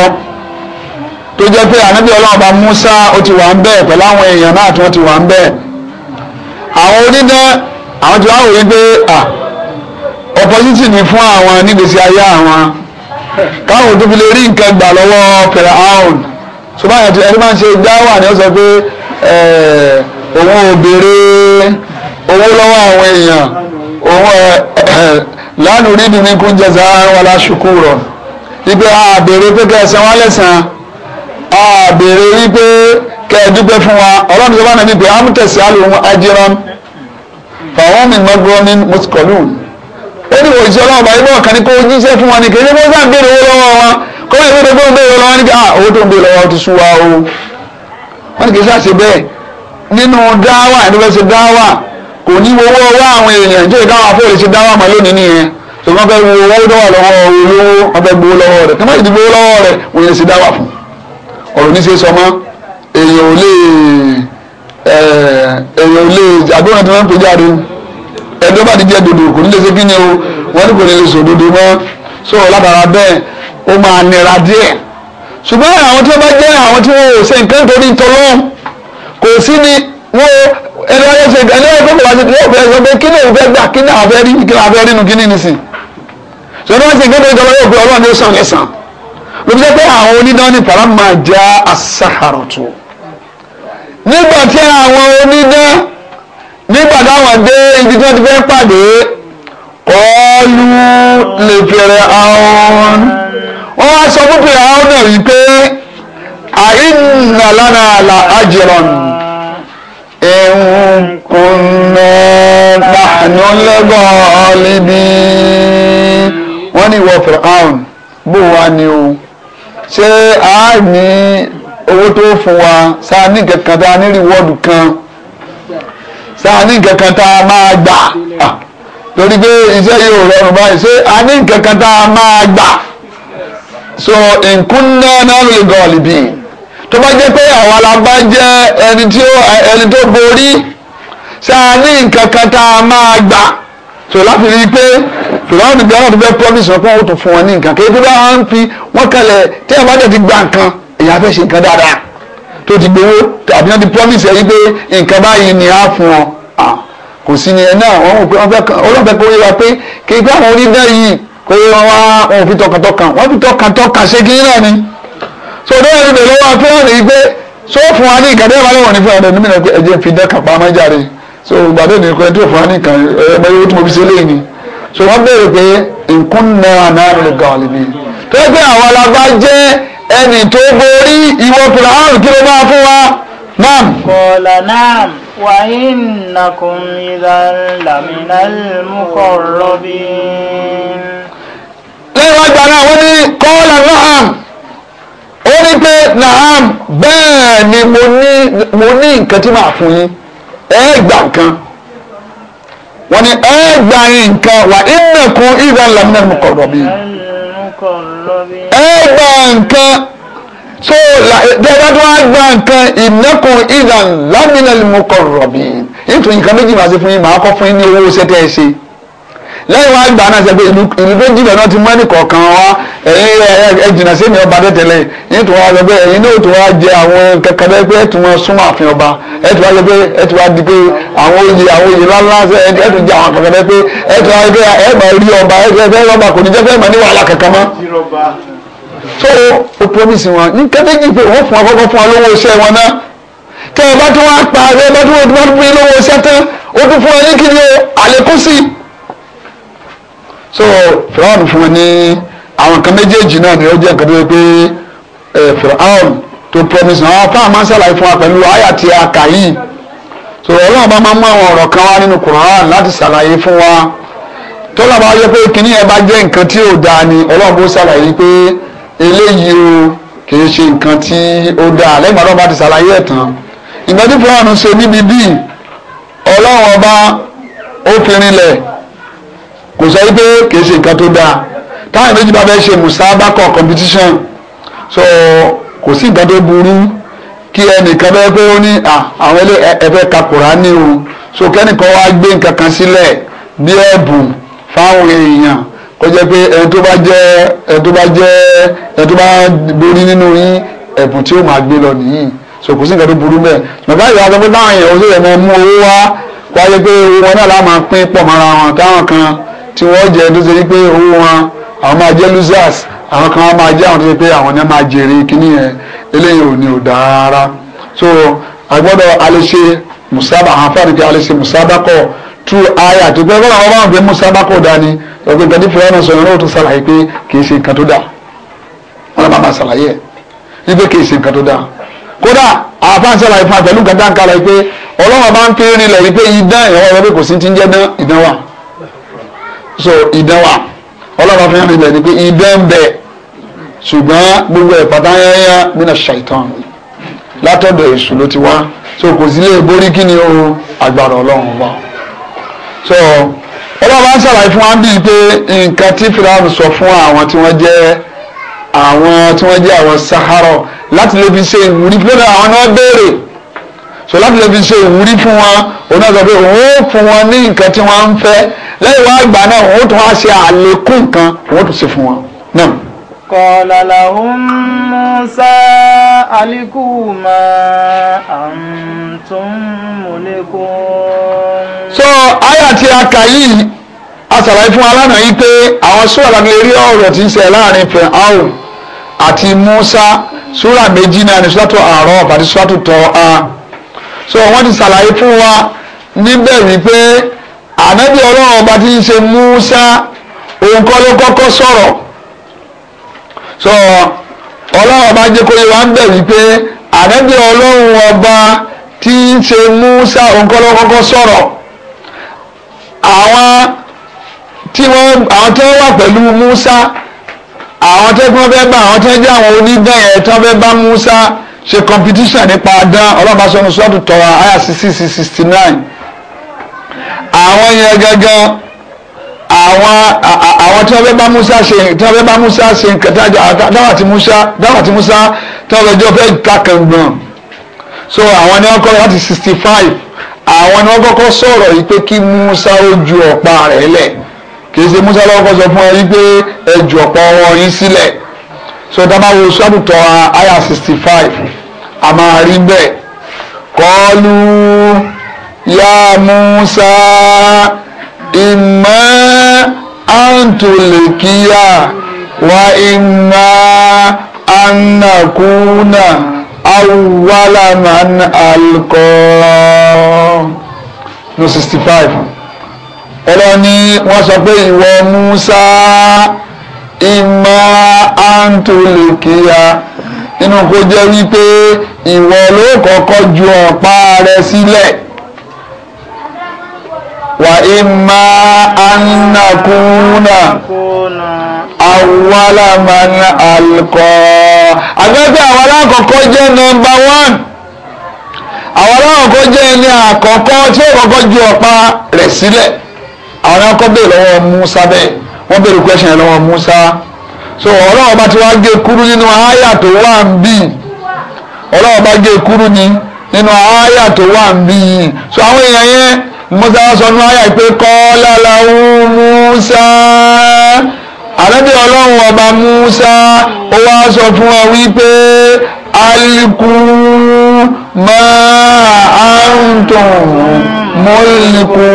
tó jẹ́ pé ànábì ọlọ́run bá Musa ó ti wà ń bẹ̀ pẹ̀lú àwọn èèyàn náà tí wọ́n ti wà ń bẹ̀ àwọn onídán àwọn ti wá wò wípé opportunity ni fún àwọn nígbèsí ayé àwọn káwọn tó fi lè rí nǹkan gbà lọ́wọ́ pẹ̀lú àwọn ṣùgbọ́n àyàtọ̀ ẹni máa ń ṣe dáwà ni ó sọ pé òun ò béèrè owó lọ́wọ́ àwọn èèyàn òun ẹ̀ eh, eh, lánàá rí ni mi kún jẹ́sà wàlá ṣùkúrọ̀ ibi àbèrè pé kẹsàn-án wọn lẹ́sàn-án àbèrè wípé kẹ́ẹ̀dúgbẹ́ fún wa ọlọ́run tó bá nàbí pé amútẹ̀sí àlòun ajẹ́rán fàwọn mi mọ́gbọ́n ní mọ́síkọ́lùn ó ní òṣìṣẹ́ ọlọ́run bá ibọ̀ kan ní kó jíṣẹ́ fún ah, wa ní wa kó lè kì í ṣe bẹ́ẹ̀ nínú dáwà ẹni fẹ́ ṣe dáwà kò ní owó ọwọ́ àwọn èèyàn jẹ́ ìdáhùn afọ́lẹ̀ ṣe dáhùn àmọ́ lónìí nìyẹn tó kàn fẹ́ wo owó dọ́wọ́ lọ́wọ́ olówó wọn fẹ́ gbowó lọ́wọ́ rẹ̀ kàmá ìdìbò lọ́wọ́ rẹ̀ wọ́n yẹn ṣe dáwà fún ọ̀rọ̀ ní ṣe sọ mọ́ èèyàn ò lè èèyàn ò lè àdúrà tí wọ́n ń pèjà rẹ̀ ẹ̀dọ́ bá ti jẹ́ dòdò kò ní lè ṣe kí ni o wọ́n ní kò ní lè sọ dòdò mọ́ so látara bẹ́ẹ̀ ó máa nira díẹ̀ ṣùgbọ́n àwọn tí wọ́n bá jẹ́ àwọn tí wọ́n ò ṣe nǹkan torí tọ́lọ́ kò sí ni wọ́n ẹni wọ́n yẹ ṣe ẹni wọ́n gbogbo wájú yóò fẹ́ sọ pé kí ni òun fẹ́ gbà kí ni àfẹ́ rí kí ni àfẹ́ rí nu kí ni nìsín sọ ni wọ́n ṣe gbogbo ìjọba yóò fi ọlọ́run yóò sàn lẹ́sàn ló fi jẹ́ pé àwọn onídán ní fara máa já asáhàrọ̀tù nígbà tí àwọn onídán nígbà táwọn dé ibi tí wọ́n ti fẹ́ pàdé kọ́ọ́lù lè fẹ̀rẹ̀ àwọn wọ́n wá sọ fún fẹ̀rẹ̀ àwọn náà wípé àìnàlánà là ájẹrọ̀nù. إن كنا نحن الغالبين wọ́n ní ìwọ Fir'aun bó wa ni o ṣé a ní owó tó fún wa sáà ní kankan tá a ní rìwọ́ọ̀dù kan sáà ní kankan tá a máa gbà torí pé iṣẹ́ yóò rọrùn báyìí ṣé a kankan tá a máa gbà so in kunna nahnu al-ghalibin tó bá jẹ́ pé àwa la bá jẹ́ ẹni tí ó ẹni tó borí ṣá a ní nǹkan kan tá a máa gbà tó láti rí i pé tòláwọn ìgbà náà tó fẹ́ promise wọn pé wọn tó fún wọn ní nǹkan kéèké bá wọn fi wọn kalẹ̀ tí ẹ bá dẹ̀ ti gba nǹkan èyàn fẹ́ ṣe nǹkan dáadáa tó ti gbowó àbí wọn ti promise ẹ yí pé nǹkan báyìí ni á fún wọn kò sí ni ẹ náà wọn ò pé wọn fẹ́ kan ọlọ́fẹ́ kó yẹra pé kéèké àwọn onídàá yìí kó yẹ wọn wá wọn ò fi tọkàntọkàn wọn fi tọkàntọkàn ṣe kí náà ni so ní ẹni bẹ̀rẹ̀ lọ́wọ́ fẹ́ràn ní pé so fún wa ní nǹkan bẹ́ẹ̀ máa lọ́wọ́ ní fẹ́ràn ẹni mìíràn ẹjẹ́ fi dẹ́kà pamọ́ so gbàdé ní nǹkan tó fún wa ní nǹkan ẹgbẹ́ owó tí mo fi ṣe léyìn so wọ́n béèrè pé nǹkan náà náà lè ga ọ̀lẹ́ mi tó pé àwọn alábá jẹ́ tó borí ìwọ fìlà áàrùn kí ló fún wa nam. kọ̀ọ̀lá náà wà innakum idhan laminal muqarrabin. lẹ́yìn wá gbà náà wọ́n ní kọ́ọ̀lá naam bẹ́ẹ̀ ni mo ní mo ní nǹkan tí màá fún yín ẹ gbà nǹkan wọ́n ní ẹ nǹkan wà ìnàkùn ìgbà lamina mọ̀kọ̀rọ̀bí ẹ gbà nǹkan so dẹ́gbẹ́ tó wá gbà nǹkan ìnàkùn ìgbà lamina mọ̀kọ̀rọ̀bí nítorí nǹkan méjì màá ṣe fún yín màá kọ́ fún yín ní owó sẹ́tẹ́ ẹ ṣe lẹ́yìn wá gbà náà ṣe pé ìlú tó jìbẹ̀ náà ti mọ́ ẹnì kọ̀ọ̀kan wa ẹ̀yin ẹ̀ jìnnà sí ẹ̀mí ọba tẹ́tẹ́lẹ̀ yín tó wá sọ pé ẹ̀yin náà tó wá jẹ àwọn kẹkẹ bẹ́ẹ̀ pé ẹ̀ tún wọn súnmọ́ àfin ọba ẹ̀ tó wá sọ pé ẹ̀ tó wá di pé àwọn oyè àwọn oyè lánlá ẹ̀ tó jẹ àwọn kẹkẹ bẹ́ẹ̀ pé ẹ̀ tó wá sọ pé ẹ̀ máa rí ọba ẹ̀ fẹ́ rọ́bà kò ní jẹ́ fẹ́ máa ní wàhálà kẹkẹ mọ́ so o promise wọn ní kẹ́tẹ́jì pé wọ́n fún akọ́kọ́ fún alówó iṣẹ́ wọn náà tẹ́ ẹ bá tún wá pa ẹ bá tún wọ́n tún wọ́n tún fún yín lówó iṣẹ́ tán ó tún fún ẹ ní kí ni o àlékún sí i so firaun fún wọn ní àwọn nǹkan méjèèjì náà ni ó jẹ́ nǹkan tó yẹ pé eh, firaun tó promise àwọn afáà máa ń ṣàlàyé fún wa pẹ̀lú àyà tí a kà yìí so ọlọ́run bá máa mú àwọn ọ̀rọ̀ kan wá nínú Quran láti ṣàlàyé fún wa tọ́lá bá yẹ pé kínní ẹ bá jẹ́ nǹkan tí ò dáa ni ọlọ́run bó ṣàlàyé pé eléyìí o kìí ṣe nǹkan tí ó dáa lẹ́yìn ọlọ́run bá ti ṣàlàyé ẹ̀ tán ìgbà firaun ṣe níbi bíi ọlọ́run ọba ó fi rinlẹ̀ kò sọ wípé kìí ṣe nǹkan tó dáa táwọn méjì bá fẹ́ ṣe musabakọ competition so kò sí nǹkan tó burú kí ẹnìkan bẹ́ẹ̀ pé ó ní àwọn ilé ẹ̀fẹ́ ka Kùránì o so kẹ́nìkan wá gbé nǹkan kan sílẹ̀ bí ẹ̀bùn fáwọn èèyàn kó jẹ́ pé ẹni tó bá jẹ́ ẹni tó bá jẹ́ ẹni tó bá borí nínú yín ẹ̀bùn tí ó máa gbé lọ nìyí so kò sí nǹkan tó burú bẹ́ẹ̀ bàbá ìyá sọ pé báwọn èèyàn ó sì rẹ̀ mọ́ owó wá wáyé pé owó náà lá máa pín pọ̀ mọ́ra wọn táwọn kan tí wọ́n jẹ́ tó ṣe pé owó wọn àwọn máa jẹ́ losers àwọn kan máa jẹ́ àwọn tó ṣe pé àwọn náà máa jèrè kíní yẹn eléyìí ò ní ò dára so agbọ́dọ̀ alẹ́ṣe musaba àwọn afáàdìkẹ́ alẹ́ṣe musaba kọ́ true aya tó pé bọ́lá wọn bá wọn pé musaba kọ́ dání ọ̀gbìn kan ní fìlànà sọ̀rọ̀ náà tó ṣàlàyé pé kì í ṣe nǹkan tó dáa wọn bá máa ṣàlàyé ẹ̀ wípé kì í ṣe nǹkan tó dáa kódà àáfàá ṣàlàyé fún àtẹlù gàdáǹkà rẹ pé ọlọ́wọ́n bá ń kéré nílẹ̀ wípé idán ìwọ́n rẹ kò sí ti ń jẹ́ dán ìdán so idán wà ọlọ́run fi hàn mí bẹ̀ ni pé idán bẹ ṣùgbọ́n gbogbo ẹ̀ pátá yáyá mina ṣàìtàn látọ̀dọ̀ èṣù ló ti wá so kò sí lè borí kí ni o agbára ọlọ́run wà so ọlọ́run bá ń ṣàlàyé fún wa bíi pé nǹkan tí firaun sọ fún àwọn tí wọ́n jẹ́ àwọn tí wọ́n jẹ́ àwọn sahara láti lè fi ṣe ìwúrí pé àwọn ni wọ́n béèrè so láti lè fi ṣe ìwúrí fún wọn oní ọ̀sán pé òun ó fún wọn ní nǹkan tí wọ́n ń fẹ́ lẹ́yìn wá ìgbà náà òun ó tún wá ṣe àlékún nǹkan òun ó tún ṣe fún wọn náà. قال لهم موسى ألقوا ما أنتم ملقون so àyà tí a kà yìí a ṣàlàyé fún alánà yìí pé àwọn súrà láti lè rí ọ̀rọ̀ tí ń ṣe láàrin fẹ̀hàn àti Musa súrà méjì náà ní súrà tó Àrọ́f àti súrà tó Tọ́ha so wọ́n ti ṣàlàyé fún wa níbẹ̀ wípé ànábì ọlọ́run ọba tí ń ṣe Musa òun kọ́ ló kọ́kọ́ sọ̀rọ̀ so ọlọ́run ọba jẹ́ kó yé wa ń bẹ̀ wípé ànábì ọlọ́run ọba tí ń ṣe Musa òun kọ́ ló kọ́kọ́ sọ̀rọ̀ àwọn tí wọ́n àwọn tí wọ́n wà pẹ̀lú Musa àwọn tẹ́gbọ́n fẹ́ bá àwọn tẹ́jọ́ àwọn oníbẹ̀ẹ́ tán fẹ́ bá Musa ṣe competition nípa dán ọlọ́ba sọ́nu sọ́ọ̀tù tọ́ra àyà sixty sixty nine àwọn yẹn gángan àwọn àwọn tí wọ́n fẹ́ bá Musa ṣe tí wọ́n fẹ́ bá Musa ṣe nkẹta dáwà tí Musa dáwà tí Musa tí wọ́n fẹ́ jọ fẹ́ ta kàngbọ̀n so àwọn ni wọ́n kọ́ láti sixty five àwọn ni wọ́n kọ́kọ́ sọ̀rọ̀ yìí pé kí Musa ó ju ọ̀pá rẹ̀ lẹ̀ kì í ṣe Musa lọ́kọ́ sọ fún ẹ yìí pé ẹ ju ọ̀pá ọwọ́ yín sílẹ̀ so tá a bá wo sọ́dútọ̀ àyà sixty five a máa rí bẹ́ẹ̀ Musa ima antolekiya wa ima ànàkúnà awalaman alkọ́ no sixty five ọlọ́ni wọ́n sọ pé ìwọ Musa ìmọ̀ àǹtólèkìá inú kó jẹ́ wípé ìwọ ló kọ́kọ́ ju ọ̀pá rẹ sílẹ̀ wà ìmọ̀ àǹnàkúnà awalaman alkọ agbẹ́gbẹ́ àwọn alákọ̀ọ́kọ́ jẹ́ nọmba one àwọn alákọ̀ọ́kọ́ jẹ́ ẹni àkọ́kọ́ tí ó kọ́kọ́ ju ọ̀pá rẹ̀ sílẹ̀ àwọn alákọ̀ọ́kọ́ lọ́wọ́ Musa bẹ́ẹ̀ wọ́n bèrè question yẹn lọ́wọ́ Musa so ọlọ́wọ́ bá ti wá gé kúrú nínú àáyà tó wà ń bì ọlọ́wọ́ bá gé kúrú ni nínú àáyà tó wà ń bì yìí so àwọn èèyàn yẹn Musa sọ nínú àáyà pé kọ́lá làwọn Musa àlẹ́bí ọlọ́run ọba Musa ó wá sọ fún ọ wípé alikú máa àǹtọ̀ mọ́lìkú.